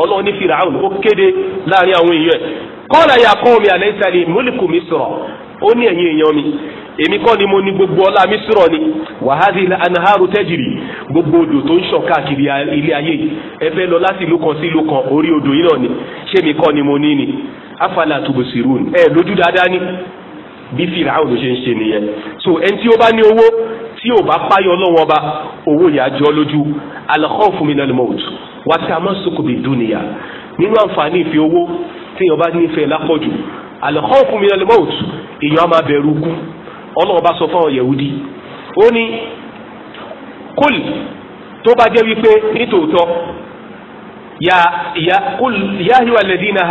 ọlọ́run ní fìràhùn ó kéde láàrin àwọn èèyàn ẹ̀ qala ya qawmi alaysa li mulku misra ó ní ẹ̀yin èèyàn mi èmi kọ́ ni mo ní gbogbo ọlá mísírọ̀ ni wàhálì anaharu tẹ́jìrì gbogbo odò tó ń ṣàn káàkiri ilé ayé ẹfẹ́ lọ láti ìlú kan sí ìlú kan orí odò yìí náà ni ṣé mi kọ́ ni mo ní ni afala tubusirun ẹ lójú dáadáa ni bí fìlà àwọn òṣèṣe nìyẹn so ẹni tí ó bá ní owó tí ò bá páyọ lọ́wọ́ ọba owó ìyájọ́ lójú al-khawfu min al-mawt wa tamassuku bid-dunya nínú àǹfààní ìfi owó tí èèyàn bá nífẹ̀ẹ́ lápọ̀jù al-khawfu min al-mawt èèyàn á máa bẹ̀rù kú ọlọ́wọ́ bá sọ fáwọn yẹ̀wúdí ó ní kul tó bá jẹ́ wípé nítòótọ́ ya ya kul ya ayyuha alladhina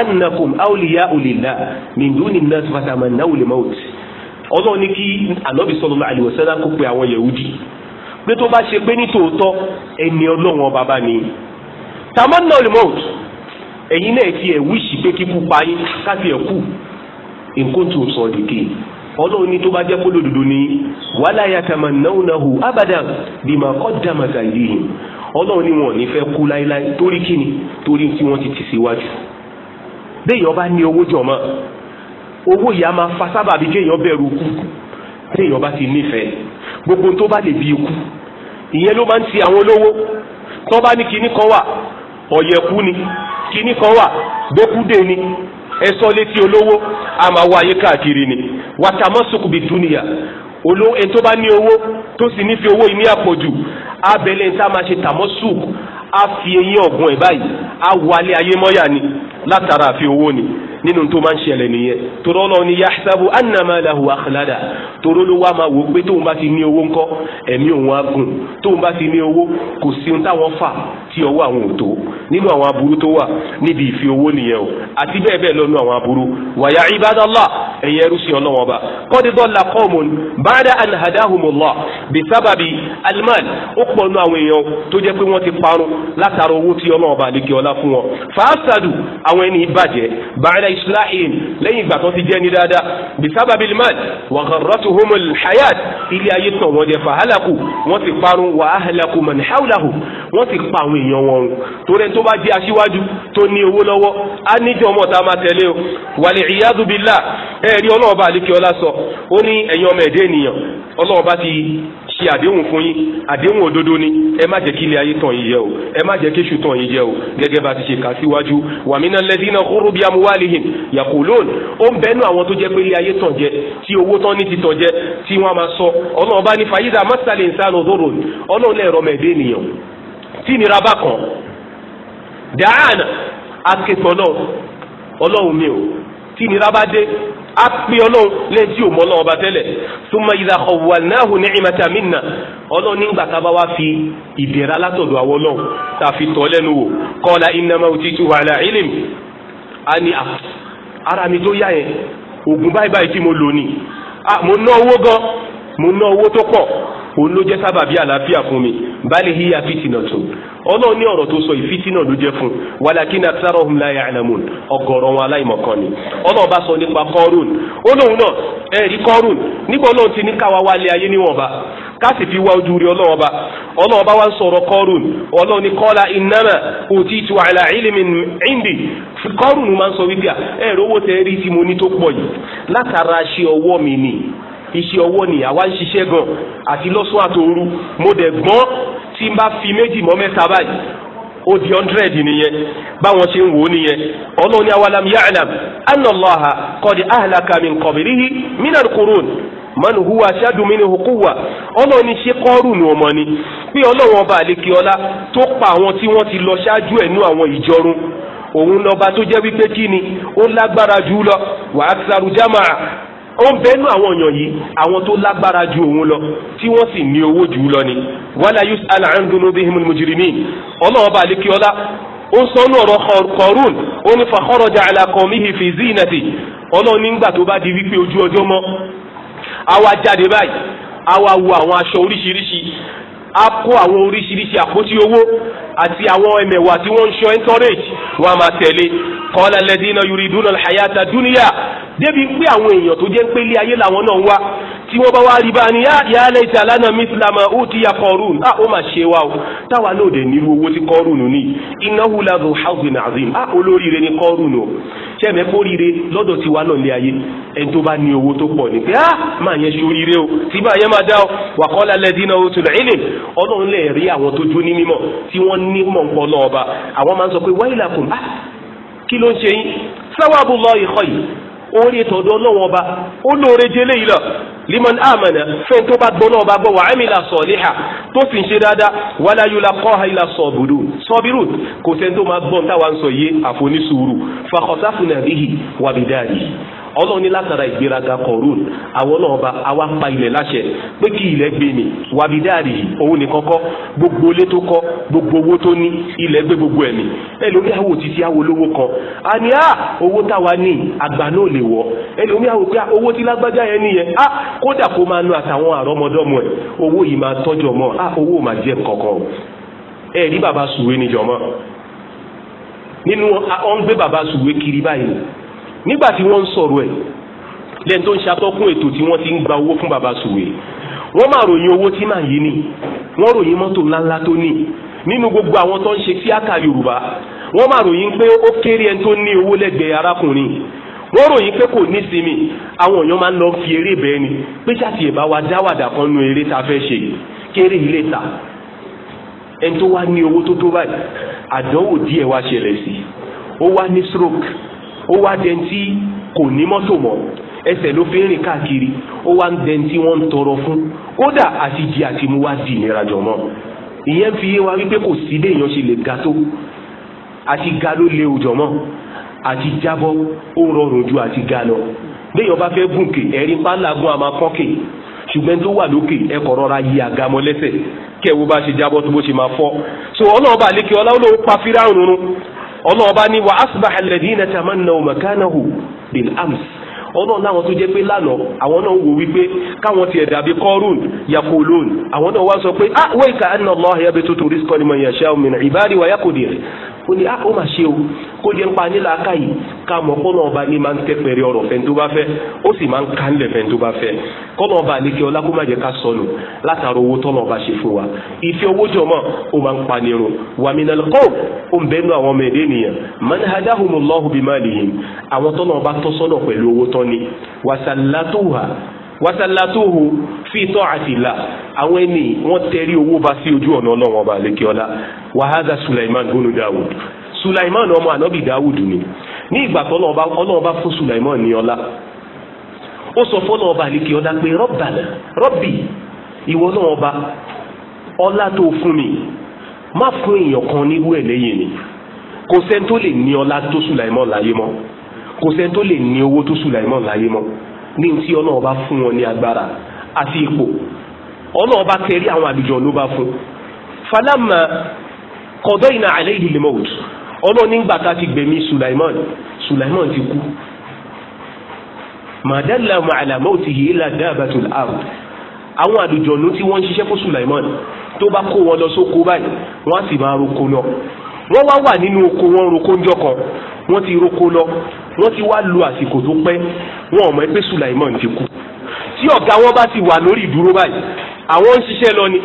annakum awliya'u lillah min duni an ọlọ́run ní kí ànábì sallallahu alaihi wasallam kó pe àwọn yẹ̀wúdì pé tó bá ṣe pé ní tòótọ́ ẹni ọlọ́run ọba bá ní. tamanna al-maut ẹ̀yin náà ti ẹ̀ wíṣì pé kíkú pa yín káfí ẹ̀ kú in kuntum sadiqin ọlọ́run ní tó bá jẹ́ kólódodo ní wala yatamannawnahu abadan bima qaddamat aydihim ọlọ́run ní wọn ò ní fẹ́ kú láíláí torí kíni torí tí wọ́n ti tì síwájú. béèyàn bá ní owó jọ̀mọ́ owó yìí a máa fa sábàbí kéèyàn bẹ̀rù kú téèyàn bá ti nífẹ̀ẹ́ gbogbo tó bá lè bí ikú ìyẹn ló máa ń ti àwọn olówó tó bá ní kinní kan wà ọ̀yẹ̀kú ni kinní kan wà gbókúdé ni ẹsọ létí olówó a máa ayé káàkiri ni wàtàmọ́sùkù bíi dúnìyà olówó ẹni tó bá ní owó tó sì nífẹ̀ẹ́ owó yìí àpọ̀jù abẹ́lẹ̀ ní tá a máa ṣe tàmọ́sùkù a fi eyín ọ̀gbọ́n ẹ̀ báyìí a wọ alẹ́ ayé mọ́yà ni látara àfi owó ni nínú tó máa ń ṣẹlẹ̀ nìyẹn torí ọlọ́run ni yahsabu annama lahu akhlada torí ló wá máa wò pé tóun bá ti ní owó ńkọ́ ẹ̀mí òun á gùn tóun bá ti ní owó kò sí ohun táwọn fà tí ọwọ́ àwọn ò tó nínú àwọn aburú tó wà níbi ìfi owó nìyẹn o àti bẹ́ẹ̀ bẹ́ẹ̀ lọ́nu àwọn aburú wàyà ibadallah ẹ̀yẹ ẹrú ọlọ́wọ́n ọba qad dalla qawmun ba'da an hadahumullah bisababi almal ó pọ̀ nù àwọn èèyàn tó jẹ́ pé wọ́n ti parun látara owó tí ọlọ́wọ́n ọba àlekè ọlá fún wọn fàásàdù àwọn ẹni ìbàjẹ́ bàdà islahim lẹ́yìn ìgbà tó ti jẹ́ ní dáadáa bisababil mal wa gharratuhumul hayat ilé ayé tàn wọ́n jẹ fàhálàkù wọ́n ti parun wà áhàlàkù man hawlahu wọ́n ti pa àwọn èèyàn wọn torí tó bá jẹ́ aṣíwájú tó ní owó lọ́wọ́ á níjọ́ ọmọ tá a máa tẹ̀lé o wàlẹ̀ ìyáàdù billah ẹ̀rí ọlọ́ọ̀bá àlékiọlá sọ ó ní ẹ̀yin ọmọ ẹ̀dẹ́ ènìyàn ọlọ́ọ̀bá ti ṣe àdéhùn fún yín àdéhùn òdodo ni ẹ má jẹ́ kí ilé ayé tàn yín jẹ o ẹ má jẹ́ kí èṣù tàn yín jẹ o gẹ́gẹ́ bá ti ṣe kà síwájú wàmínà lẹ́dínà kúrú bíi amúwálìhìn yaqulun ó ń bẹnu àwọn tó jẹ́ pé ilé ayé tàn jẹ tí owó tán ní ti tàn jẹ tí wọ́n máa sọ ọlọ́run bá ní fayiza masal insanu dhurrun ọlọ́run lẹ́ẹ̀rọ mẹ́ẹ̀dẹ́ ènìyàn tí ìnira bá kàn dáhàn àkẹtọ̀ náà ọlọ́run mi ò tí ìnira bá dé a pe ọlọ́run lẹ́yìn tí òun ọlọ́run ọba tẹ́lẹ̀ súnmọ́ ìdá ọ̀wọ́náhù ní ìmọ̀tà mínà ọlọ́run nígbà tá a bá wá fi ìdẹ̀ra látọ̀dọ̀ àwọn ọlọ́run tá a fi tọ́ lẹ́nu wò kọ́lá ìnáma òtítù wàhálà ìlìm ani ah, ní ara mi tó yá yẹn oògùn báyìí báyìí tí mo lò ní ah, mo ná owó gan mo ná owó tó pọ̀ òun ló jẹ́ sábàbí àlàáfíà fún mi báyìí híyà fìtìnà tó ọlọ́run ní ọ̀rọ̀ tó sọ ìfìtìnà ló jẹ́ fún walakin aktharuhum la ya'lamun ọ̀gọ̀rọ̀ wọn aláìmọ̀kan ni ọlọ́run bá sọ nípa kọ́rùn ó lóun náà ẹ̀rí kọ́rùn nígbà ọlọ́run ti ní káwa wálé ayé níwọ̀nba káàsì fi wá ojú rí ọlọ́wọ́ bá ọlọ́wọ́ bá wá ń sọ̀rọ̀ kọ́rùn ọlọ́wọ́ ni kọ́lá ìnáma òtí tu àlà ìlímì ìndì kọ́rùn máa ń sọ wípé ẹ rówó tẹ rí tí mo ní tó pọ̀ yìí látara ṣe ọwọ́ mi ni iṣẹ́ ọwọ́ ni àwa ń ṣiṣẹ́ gan àti lọ́sùn àtòru mo dẹ̀ gbọ́n tí n bá fi méjì mọ́ mẹ́ta báyìí ó di hundred nìyẹn báwọn ṣe ń wò ó nìyẹn ọlọ́run ní awalam ya'lam anna Allaha qad ahlaka min qablihi minal qurun man huwa aṣáájú mi ní hukuwa ọlọ́run ní ṣe kọ́rùnù ọmọ ni pé ọlọ́run ọba àlekè ọlá tó pa àwọn tí wọ́n ti lọ ṣáájú ẹ̀nú àwọn ìjọrun òun lọ́ba tó jẹ́ wípé kí ni ó lágbára jù lọ wàá tsaru ó ń bẹ́nu àwọn èèyàn yìí àwọn tó lágbára ju òun lọ tí wọ́n sì ní owó jù ú lọ ni wala yus'ala an dhunubihimul mujrimin ọlọ́wọ́ bá lè kí ọlá ó ń sọnù ọ̀rọ̀ Qarun ó ní fa kharaja ala qawmihi fi zinati ọlọ́run nígbà tó bá di wípé ojú ọjọ́ mọ́ àwa jáde báyìí àwa wo àwọn aṣọ oríṣiríṣi a kó àwọn oríṣiríṣi àpótí owó àti àwọn ẹmẹ̀wà tí wọ́n ń ṣọ́ encourage wọn a máa tẹ̀lé kọ́lá lẹ́dínà yuriduna alhayata dúníyà débi pé àwọn èèyàn tó jẹ́ pé ilé ayé làwọn náà ń wá tí wọ́n bá wá rí bá ní yá lẹ́yìn alánà mísìlámà ó ti ya kọ́rùn á ó mà ṣe wa o táwa náà dẹ̀ nírú owó tí kọ́rùn ní innahu ladhu hazin azim á ah, olóríire ní kọ́rùn o ṣẹ́mi kó ríire lọ́dọ̀ tiwa náà lé ayé ẹni tó bá ní owó tó pọ̀ ní pé á ah, máa yẹn ṣe oríire o tí bá yẹn máa dá o wàkọ́lá lẹ́dínà ó tún ilé ọlọ́run ní mọ̀ nǹkan ọlọ́wọ́ bá àwọn máa ń sọ pé wailakum á ah, kí ló ń ṣe yín sawabullahi khayr orí tọ̀dọ̀ ọlọ́wọ́ ọba ó lóore jẹ́ léyìí lọ liman amana fẹ́ tó bá gbọ́ náà bá gbọ́ wà amila saliha tó sì ń ṣe dáadáa wala yulaqaha illa sabiru sabiru kò sẹ́ni tó máa gbọ́n táwa ń sọ yé àfonísùúrù fa khasafna bihi wa bidari ọlọ́run ní látara ìgbéraga kọ̀ọ̀rún àwọn náà bá awa pa ilẹ̀ láṣẹ pé kí ilẹ̀ gbé mi wàbí dáàrí òun nìkan kọ́ gbogbo ilé tó kọ́ gbogbo owó tó ní ilẹ̀ gbé gbogbo ẹ̀mí ẹlòmí àwò títí àwò lówó kan a ní à ah, owó táwa ní àgbà náà lè wọ̀ ẹlòmí àwò pé ah, owó tí lágbájá yẹn nìyẹn a ah, kódà kó máa nu àtàwọn àrọ́mọdọ́mọ ẹ̀ owó yìí máa tọ́jọ mọ́ a owó máa jẹ́ kankan ẹ̀rí bàbá kiri báyìí nígbà tí wọ́n ń sọ̀rọ̀ ẹ̀ lẹ́yìn tó ń ṣàtọ́kùn ètò tí wọ́n ti ń gba owó fún baba sùwé wọ́n máa ròyìn owó tí màá yí ni wọ́n ròyìn mọ́tò ńláńlá tó ní nínú gbogbo àwọn tó ń ṣe tíátà yorùbá wọ́n máa ròyìn pé ó kéré ẹni tó ní owó lẹ́gbẹ̀ẹ́ arákùnrin wọ́n ròyìn pé kò ní sinmi àwọn èèyàn máa ń lọ fi eré bẹ́ẹ̀ ni pé ṣáàtì ẹ̀ bá wa dáwàdà kan nu eré ta fẹ́ ṣe kéré ilé ta ẹni tó wá ní owó tó tó báyìí àdánwò díẹ̀ wá ṣẹlẹ̀ sí ó wá ní stroke ó wá dẹni tí kò ní mọ́tò mọ́ ẹsẹ̀ ló fi ń rìn káàkiri ó wá ń dẹni tí wọ́n ń tọrọ fún kódà àti jí àti mu wá di ìnira jọ mọ́ ìyẹn fi yé wa wípé kò sí bí èèyàn lè ga tó àti ga ló lé òjọ mọ́ àti jábọ́ ó rọrùn ju àti ga lọ béèyàn bá fẹ́ gùnkè ẹ̀rí pálágùn àmà kọ́kè ṣùgbọ́n tó wà lókè ẹ kọ̀ rọra yí àga mọ́ lẹ́sẹ̀ kẹ́ bá ṣe jábọ́ tó bó ṣe máa fọ́ so ọlọ́ọ̀bà lékè ọlá ó lóun pa fíráùn rún ọlọ́ọ̀bá ní wa asbaha alladhina tamannaw makanahu bil ams ọlọ́run láwọn tó jẹ́ pé lánàá àwọn náà wò wípé káwọn ti ẹ̀dà bí kọ́rùn yakulun àwọn náà wá sọ pé ah wẹ́ẹ̀ka anna Allah yabtutu rizqa liman yasha'u min ibadihi wa yaqdir ó ní ah ó mà ṣe o kó jẹ́ pa nílà ká yìí ká mọ̀ kọ́nà ọba ní máa ń tẹ́pẹ̀rẹ̀ ọ̀rọ̀ fẹ́ tó bá fẹ́ ó sì máa ń ká nílẹ̀ fẹ́ tó bá fẹ́ kọ́nà ọba àlékẹ́ ọlá kó má jẹ́ ká sọnù látara owó tọ́nà ọba ṣe fún wa ìfẹ́ owó jọ mọ́ ó máa ń pa ní wà mí nàlẹ́ kó ó ń bẹ́nu àwọn ọmọ èdè nìyẹn man hadahumullahu bimalihim àwọn tọ́nà ọba tọ́ sọ́nà pẹ̀lú owó ni wàsálàtúhà wasalatuhu fi ta'atillah àwọn ẹni wọ́n tẹrí owó bá sí ojú ọ̀nà ọlọ́wọ́n ọba àlekíọ́lá wàhádà Sulaiman bunu Dawud Sulaiman ọmọ anabi Dawud ni ní ìgbà tó ọlọ́run bá fún Sulaiman ní ọlá ó sọ fọ́nà ọba àlekè ọlá pé rọ́bì ìwọ náà ọba ọlá tó fún mi má fún èèyàn kan nírú ẹ̀ lẹ́yìn ni kò sẹ́ni tó lè ní ọlá tó Sulaiman láyé mọ́ kò sẹ́ni tó lè ní owó tó Sulaiman láyé mọ́ ní tí ọlọ́run bá fún wọn ní agbára àti ipò ọlọ́run bá tẹ̀rí àwọn àlùjọ ló bá fún falamma qadayna alayhi al-mawt ọlọ́run nígbà tá a ti gbẹ̀mí Sulaiman Sulaiman ti kú màdàlá màlàmọ́ ò ti yìí là dáàbàtò àrùn àwọn àlùjọ̀nù tí wọ́n ń ṣiṣẹ́ fún Sulaiman tó bá kó wọn lọ sóko báyìí wọ́n á sì máa roko lọ wọ́n wá wà nínú oko wọn roko ńjọ́ kan wọ́n ti roko lọ wọ́n ti wá lu àsìkò tó pẹ́ wọn ò mọ̀ pé Sulaiman ti kú tí ọ̀gá wọn bá ti wà lórí ìdúró báyìí àwọn ń ṣiṣẹ́ lọ ni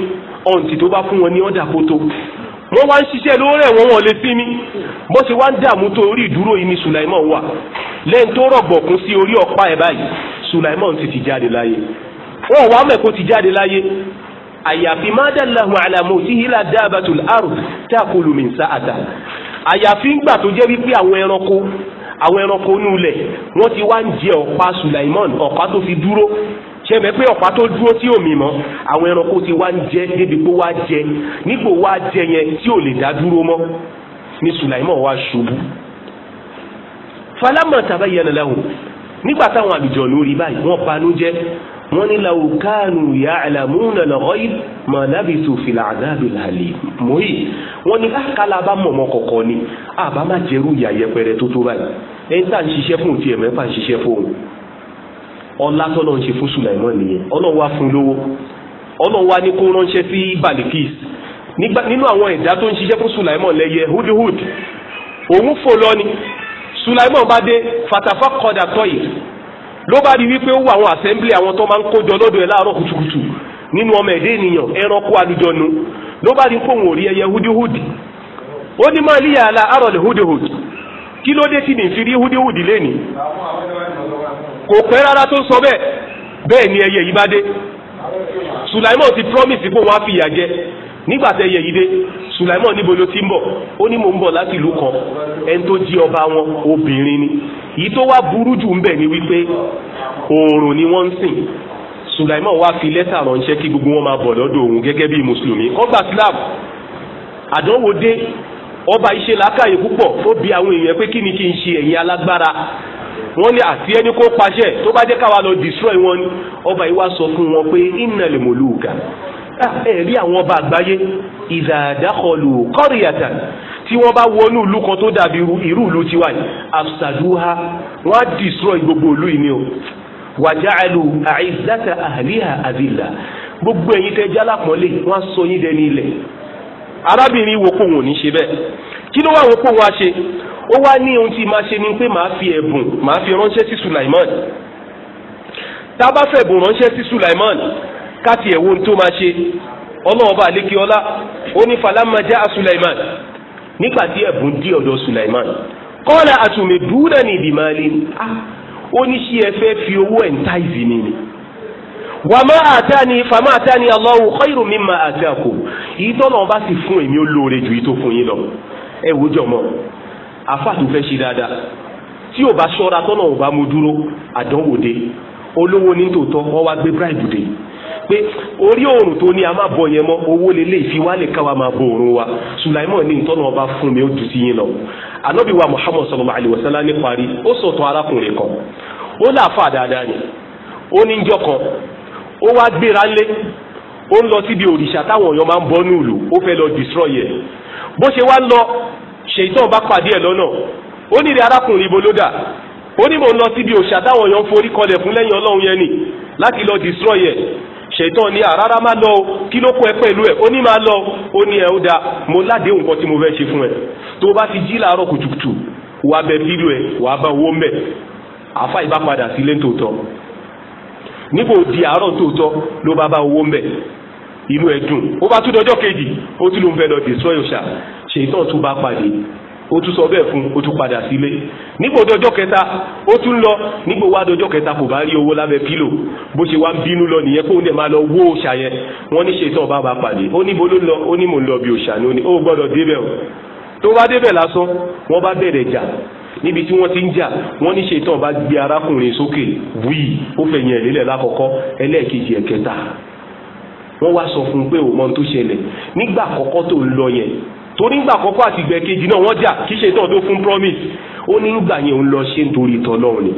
ọ̀ǹtì tó bá fún wọn ní ọ̀dà kótó wọ́n wá ń ṣiṣẹ́ lórí ẹ̀wọ̀n wọn lè sinmi bó ṣe wá ń dààmú tó orí ìdúró yìí ni Sulaiman wà lẹ́yìn tó rọ̀gbọ̀kún sí orí ọ̀pá ẹ̀ báyìí Sulaiman ti ti jáde láyé wọ́n wá mẹ́kó ti jáde láyé àyàfi mádàláhùn àlàmú tí hílà dábàtul ard tí a kò lù mí sáàtà àyàfi ńgbà tó jẹ́ wípé àwọn ẹranko àwọn ẹranko inú wọ́n ti wá ń jẹ ọ̀pá Sulaiman ọ̀pá tó fi dúró ṣẹ́mẹ̀ pé ọ̀pá tó dúró tí ò mì mọ́ àwọn ẹranko ti wá ń jẹ débi pé wá jẹ nípò wá jẹ yẹn tí ò lè dá dúró mọ́ ní Sùlàìmọ̀ wá ṣubú falamọ̀ tabayyana lahu nígbà táwọn àlùjọ̀nù rí báyìí wọ́n banújẹ́ wọ́n ní law kanu ya'lamuna al-ghayb ma labisu fil adhabil halim mọ́yì wọ́n ní ah, kálá bá mọ̀mọ́ kọ̀kọ́ ni àbá má tó tó báyìí ẹni tá à ń ṣiṣẹ́ fún tiẹ̀ mẹ́fà ń ṣiṣẹ́ fóun ọlá tọ́lọ́ ń ṣe fún Sulaiman nìyẹn ọlọ́run wá fún lówó ọlọ́run wá ní kó ránṣẹ́ sí Balikis nínú àwọn ẹ̀dá tó ń ṣiṣẹ́ fún Sulaiman lẹ́yẹ hudhud òun fò lọ ni Sulaiman bá dé fatafa kọ́dà tọ́yì ló bá rí wípé ó wà àwọn assembly àwọn tó máa ń kójọ lọ́dọ̀ ẹ̀ láàárọ̀ kùtùkùtù nínú ọmọ ẹ̀dá ènìyàn ẹranko àlùjọnu ló bá rí pé òun ò rí ẹyẹ hudhud ó kò pẹ́ rárá tó ń sọ bẹ́ẹ̀ bẹ́ẹ̀ ni ẹyẹ yìí bá dé Sulaimon ti promise pé wọ́n á fìyà jẹ nígbà tẹ ẹyẹ yìí dé Sulaimon níbo ló ti ń bọ̀ ó ní mò ń bọ̀ láti ìlú kan ẹni tó jí ọba wọn obìnrin ni èyí tó wá burú jù ń bẹ̀ ni wípé oòrùn ni wọ́n ń sìn Sulaimon wá fi lẹ́tà ránṣẹ́ kí gbogbo wọn máa bọ̀ lọ́dọ̀ òun gẹ́gẹ́ bí mùsùlùmí ọgbà Islam àdánwò dé ọba iṣẹ́ làákàyè púpọ̀ ó bi àwọn èèyàn pé kí ni kí n ṣe ẹ̀yin alágbára wọ́n ní àti ẹni kó paṣẹ tó bá jẹ́ káwa lọ destroy wọn ni ọba yìí wá sọ fún wọn pé innal muluka ah, ẹ̀rí àwọn ọba àgbáyé idha dakhalu qaryatan tí wọ́n bá wọnú ìlú kan tó dàbí irú ìlú tiwa yìí afsaduha wọ́n á destroy gbogbo ìlú yìí ni o wàjáàlù àìsàtà àhàlíhà àdìlà gbogbo ẹ̀yin tẹ́ jálàpọ̀lé wọ́n á sọ yín dẹni ilẹ̀ arábìnrin wo kó wọn ò ní ṣe bẹ́ẹ̀ kí ló wà wọ́n kó wọn á ṣe ó wá ní ohun tí máa ṣe ni pé màá fi ẹ̀bùn màá fi ránṣẹ́ sí Sulaiman tá a bá fẹ̀bùn ránṣẹ́ sí Sulaiman káti ẹ̀wò ohun tó máa ṣe ọlọ́run bá lékè ọlá ó ní falamajá Sulaiman nígbà tí ẹ̀bùn dí ọ̀dọ̀ Sulaiman kọ́lá àtùmí dúró ní ìdìmọ̀lẹ́ ó ní ṣí ẹ fẹ́ fi owó ẹ̀ ń tá ìzì mi ni wàmọ́ àtàní fàmọ́ àtàní Allahu khairu mimma àtàkù ìtọ́nà ọba sì fún èmi ó lóore ju ìtò fún yín lọ ẹ wò jọmọ́ àfáà tó fẹ́ ṣe dáadáa tí ò bá ṣọ́ra tọ́nà ò bá mú dúró àdánwò dé olówó ní tòótọ́ wọ́n wá gbé bribe dé pé orí oòrùn tó ní a máa bọ yẹn mọ owó lélẹ̀ ìfiwálẹ̀ káwa máa bo oòrùn wa Sulaiman ní ìtọ́nà ọba fún mi ó dùn sí yín lọ Ànábì wa Muhammad sallallahu alaihi wasallam ní parí ó sọ̀tọ̀ arákùnrin kan ó láàfà dáadáa ni ó ní jọ́ kan ó wá gbéra lé ó ń lọ síbi òrìṣà táwọn èèyàn máa ń bọ́ ní ìlú ó fẹ́ lọ destroy ẹ̀ bó ṣe wá lọ ṣèyítọ́ bá pàdé ẹ̀ lọ́nà ó ní ilé arákùnrin ibo ló dà ó ní mò ń lọ síbi òòṣà táwọn èèyàn forí kọlẹ̀ fún lẹ́yìn ọlọ́run yẹn nì láti lọ destroy ẹ̀ ṣèyítọ́ ní àrárá má lọ kí ló kọ ẹ pẹ̀lú ẹ̀ ó ní má lọ ó ní ẹ ó da mo ládéhùn nǹkan tí mo fẹ́ ṣe fún ẹ tó bá ti jí làárọ̀ kùtùkùtù wàá bẹ bílù ẹ wàá bá owó mẹ àfa ìbá padà sílé tòótọ́ níbo di àárọ̀ tòótọ́ ló bá bá owó mẹ inú ẹ dùn ó bá tún dọjọ́ kejì ó tún ló fẹ́ lọ destroy òòṣà ṣètàn tún bá pàdé ó tún sọ bẹ́ẹ̀ fún ó tún padà sílé nígbò dọjọ́ kẹta ó tún lọ nígbò wá dọjọ́ kẹta kò bá rí owó lábẹ́ pílò bó ṣe wá ń bínú lọ nìyẹn pé ó lè máa lọ wó òòṣà yẹn wọ́n ní ṣètàn bá bá pàdé ó níbo ló lọ ó ní mò ń lọ bí òòṣà ni ó ní ó gbọ́dọ̀ débẹ̀ o tó bá débẹ̀ lásán wọ́n bá bẹ̀rẹ̀ jà níbi tí wọ́n ti ń jà wọ́n ní ṣètàn bá gbé arákùnrin sókè wíì ó fẹ̀yìn ẹ̀lélẹ̀ lákọ̀ọ́kọ́ ẹlẹ́ẹ̀kejì ẹ̀kẹta wọ́n wá sọ fún un pé òun mọ tó ṣẹlẹ̀ nígbà àkọ́kọ́ tó ń lọ yẹn torí ńgbà àkọ́kọ́ àti ìgbà kejì náà wọ́n jà kí ṣe tán tó fún promise ó ní ńgbà yẹn òun lọ ṣe nítorí tọ́lọ́run ni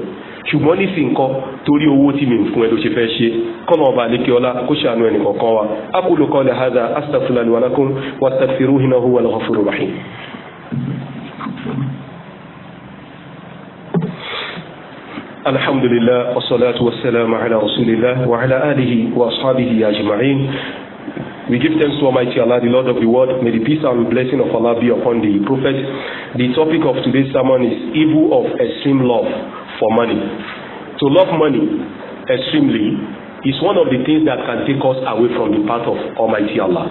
ṣùgbọ́n ní sìnkọ́ torí owó tí mi fún ẹ ló ṣe fẹ́ ṣe kọ́nà ọba àlékeọlá kó ṣàánú ẹnì kọ̀ọ̀kan wa aqulu qawli hadha astaghfirullahi wa lakum wastaghfiruhu innahu huwal ghafurur rahim. alhamdulillah wasalaatu wasalaamu ala rasulillah wa ala alihi wa ashabihi ajma'in. We give thanks to Almighty Allah, the Lord of the world. May the peace and blessing of Allah be upon the Prophet. The topic of today's sermon is evil of extreme love for money. To love money extremely is one of the things that can take us away from the path of Almighty Allah.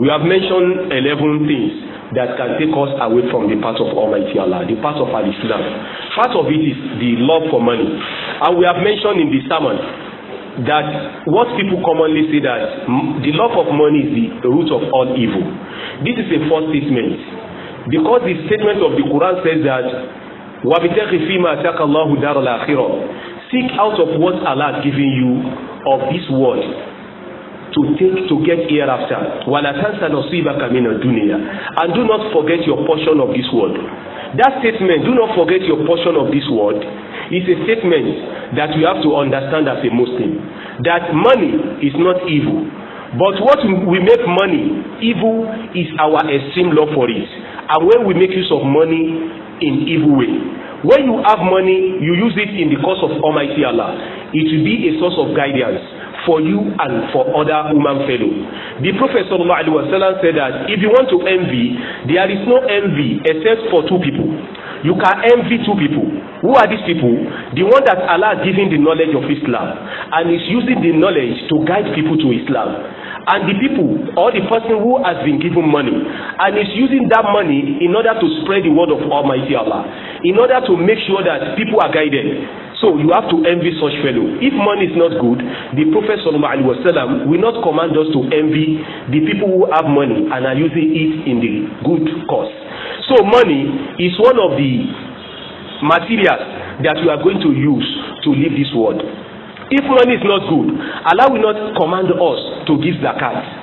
We have mentioned eleven things that can take us away from the path of Almighty Allah, the path of Al-Islam. Part of it is the love for money. And we have mentioned in the sermon that what people commonly say that the love of money is the root of all evil. This is a false statement because the statement of the Quran says that wabitẹ́kì fíìmà àtàkàlọ́hùn dárò làkírọ̀ seek out of what Allah has given you of this world to take to get hereafter wala tansa nasibaka mina dunya and do not forget your portion of this world that statement do not forget your portion of this world is a statement that you have to understand as a Muslim that money is not evil but what we make money evil is our extreme love for it and when we make use of money in evil way when you have money you use it in the cause of Almighty Allah it will be a source of guidance for you and for other human fellow. The Prophet sallallahu alaihi said that if you want to envy, there is no envy except for two people. You can envy two people. Who are these people? The one that Allah has given the knowledge of Islam and is using the knowledge to guide people to Islam. And the people or the person who has been given money and is using that money in order to spread the word of Almighty Allah in order to make sure that people are guided. So you have to envy such fellow. If money is not good, the Prophet sallallahu alaihi wasallam will not command us to envy the people who have money and are using it in the good cause. So money is one of the materials that you are going to use to leave this world. If money is not good, Allah will not command us to give zakat.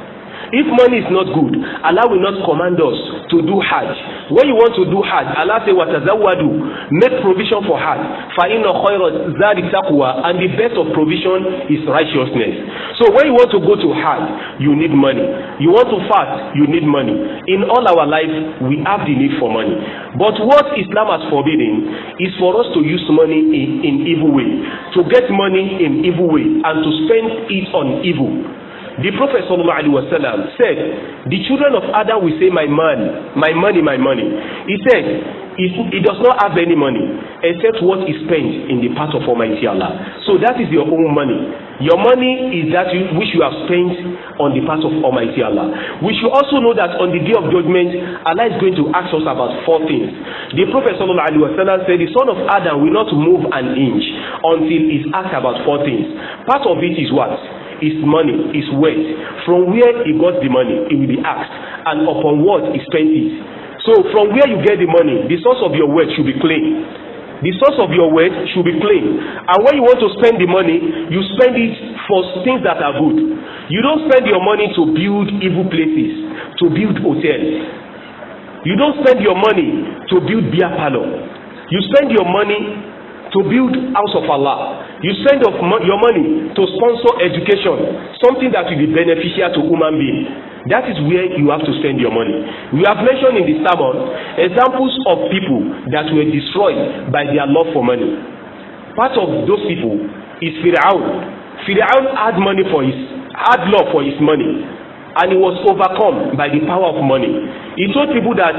If money is not good, Allah will not command us to do hajj when you want to do hajj allah say watazawadu make provision for hajj fa inna khayra zadi taqwa and the best of provision is righteousness so when you want to go to hajj you need money you want to fast you need money in all our life we have the need for money but what islam has forbidden is for us to use money in in evil way to get money in evil way and to spend it on evil The Prophet sallallahu alaihi wasallam said, the children of Adam will say, my man, my money, my money. He said, he does not have any money except what is spent in the path of Almighty Allah. So that is your own money. Your money is that which you have spent on the path of Almighty Allah. We should also know that on the day of judgment, Allah is going to ask us about four things. The Prophet sallallahu alaihi wasallam said, the son of Adam will not move an inch until he's asked about four things. Part of it is what? his money, his wealth. From where he got the money, he will be asked, and upon what he spent it. So from where you get the money, the source of your wealth should be clean. The source of your wealth should be clean. And when you want to spend the money, you spend it for things that are good. You don't spend your money to build evil places, to build hotels. You don't spend your money to build beer parlor. You spend your money to build house of Allah. You send off your money to sponsor education, something that will be beneficial to human being. That is where you have to spend your money. We have mentioned in the sermon examples of people that were destroyed by their love for money. Part of those people is Firaun. Firaun had money for his, had love for his money, and he was overcome by the power of money. He told people that,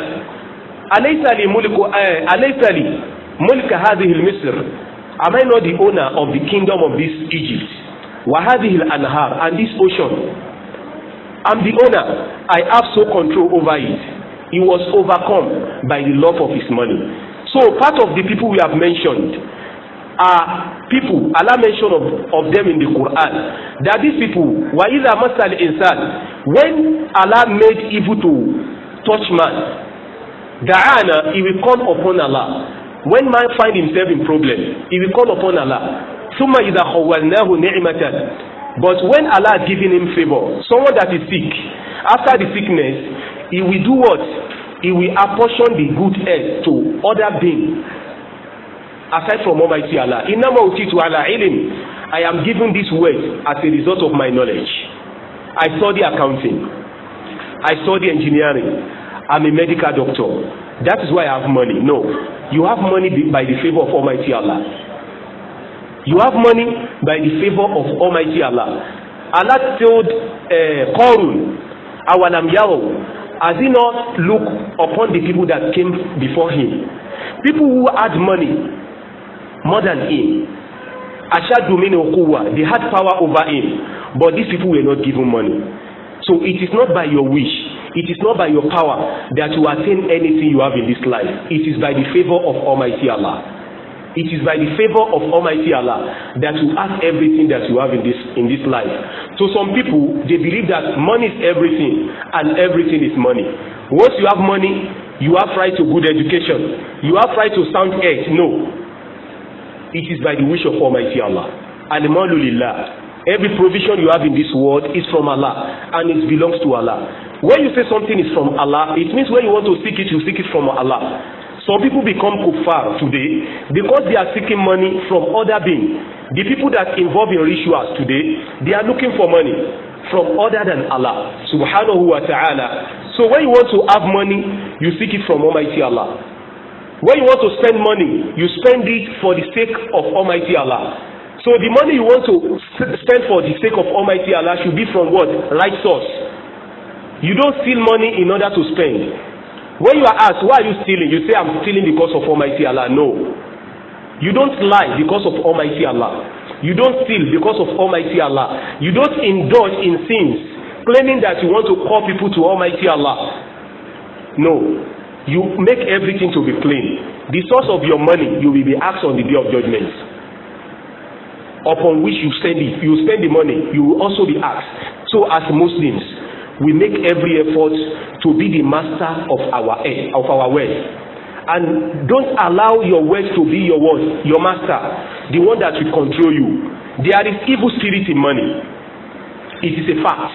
alaysa li mulku, eh, alaysa li mulka hadhihi misr am I not the owner of the kingdom of this Egypt wahadihil anhar and this ocean I'm the owner I have so control over it he was overcome by the love of his money so part of the people we have mentioned are people Allah mention of, of them in the Quran that these people wa iza masal insan when Allah made evil to touch man da'ana he will come upon Allah when man find himself in problem he will call upon Allah summa idha khawwalnahu ni'matan but when Allah has given him favour someone that is sick after the sickness he will do what he will apportion the good health to other beings aside from Almighty Allah innama utitu ala ilm I am given this word as a result of my knowledge I study accounting I study engineering I'm a medical doctor That is why I have money. No. You have money by the favor of Almighty Allah. You have money by the favor of Almighty Allah. Allah told uh, Qarun, Awalam Yaro, has he not looked upon the people that came before him? People who had money more than him. Ashadu minu they had power over him. But these people were not given money. So it is not by your wish It is not by your power that you attain anything you have in this life. It is by the favour of Almighty Allah. It is by the favour of Almighty Allah that you have everything that you have in this in this life. So some people they believe that money is everything and everything is money. Once you have money, you have right to good education. You have right to sound health. No. It is by the wish of Almighty Allah. Alimalulillah. Every provision you have in this world is from Allah and it belongs to Allah. When you say something is from Allah, it means when you want to seek it, you seek it from Allah. Some people become kufar today because they are seeking money from other beings. The people that involve in rituals today, they are looking for money from other than Allah, subhanahu wa ta'ala. So when you want to have money, you seek it from Almighty Allah. When you want to spend money, you spend it for the sake of Almighty Allah. So the money you want to spend for the sake of Almighty Allah should be from what? Right source. You don't steal money in order to spend. When you are asked, why are you stealing? You say, I'm stealing because of Almighty Allah. No. You don't lie because of Almighty Allah. You don't steal because of Almighty Allah. You don't indulge in sins, claiming that you want to call people to Almighty Allah. No. You make everything to be clean. The source of your money, you will be asked on the day of judgment. Upon which you spend it, you spend the money, you will also be asked. So as Muslims, we make every effort to be the master of our e, of our wealth and don't allow your wealth to be your what your master the one that will control you there is evil spirit in money it is a fact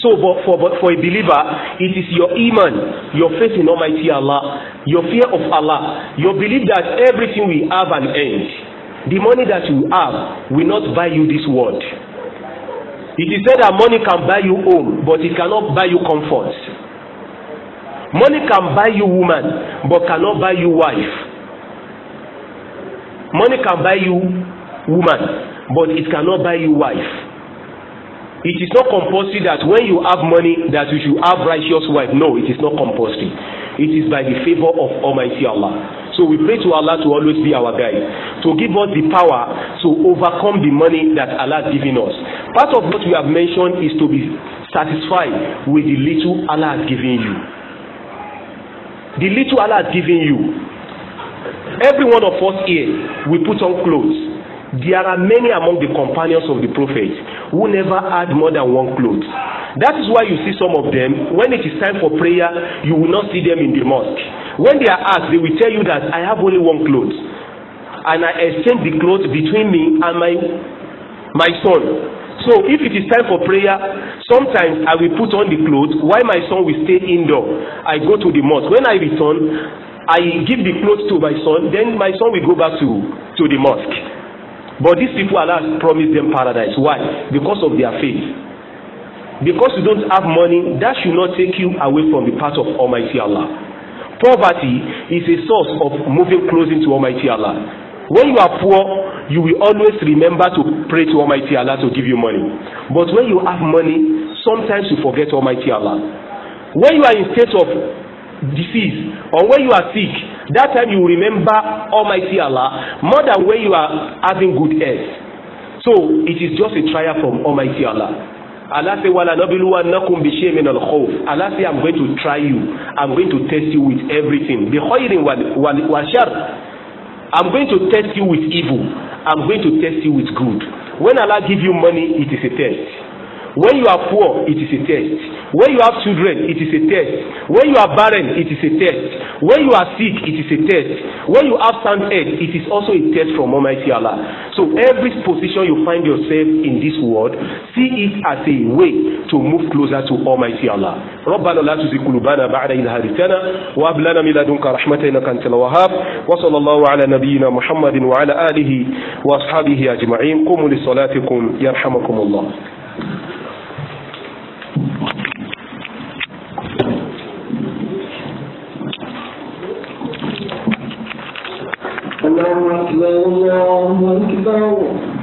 so but for but for a believer it is your iman your faith in Almighty Allah your fear of Allah your belief that everything will have an end the money that you have will not buy you this world It is said that money can buy you home, but it cannot buy you comfort. Money can buy you woman, but cannot buy you wife. Money can buy you woman, but it cannot buy you wife. It is not compulsory that when you have money that you should have righteous wife. No, it is not compulsory. It is by the favour of Almighty Allah. So we pray to Allah to always be our guide, to give us the power to overcome the money that Allah has given us. Part of what we have mentioned is to be satisfied with the little Allah has given you. The little Allah has given you. Every one of us here, we put on clothes there are many among the companions of the prophet who never had more than one cloth. That is why you see some of them, when it is time for prayer, you will not see them in the mosque. When they are asked, they will tell you that I have only one cloth, and I exchange the cloth between me and my my son. So if it is time for prayer, sometimes I will put on the clothes while my son will stay indoor. I go to the mosque. When I return, I give the clothes to my son, then my son will go back to to the mosque. But these people Allah promise them paradise. Why? Because of their faith. Because you don't have money, that should not take you away from the path of Almighty Allah. Poverty is a source of moving closer to Almighty Allah. When you are poor, you will always remember to pray to Almighty Allah to give you money. But when you have money, sometimes you forget Almighty Allah. When you are in state of disease or when you are sick that time you remember Almighty Allah more than when you are having good health so it is just a trial from Almighty Allah Allah say wala nabiluwa nakum bi shay'in min al-khawf Allah say I'm going to try you I'm going to test you with everything bi khairin wal wal wal shar I'm going to test you with evil I'm going to test you with good when Allah give you money it is a test When you are poor, it is a test. When you have children, it is a test. When you are barren, it is a test. When you are sick, it is a test. When you have sound head, it is also a test from Almighty Allah. So every position you find yourself in this world, see it as a way to move closer to Almighty Allah. ربنا لا تزغ قلوبنا بعد إذ هديتنا وهب لنا من لدنك رحمة إنك أنت الوهاب وصلى الله على نبينا محمد وعلى آله وأصحابه أجمعين قوموا لصلاتكم يرحمكم الله الله أكبر الله أكبر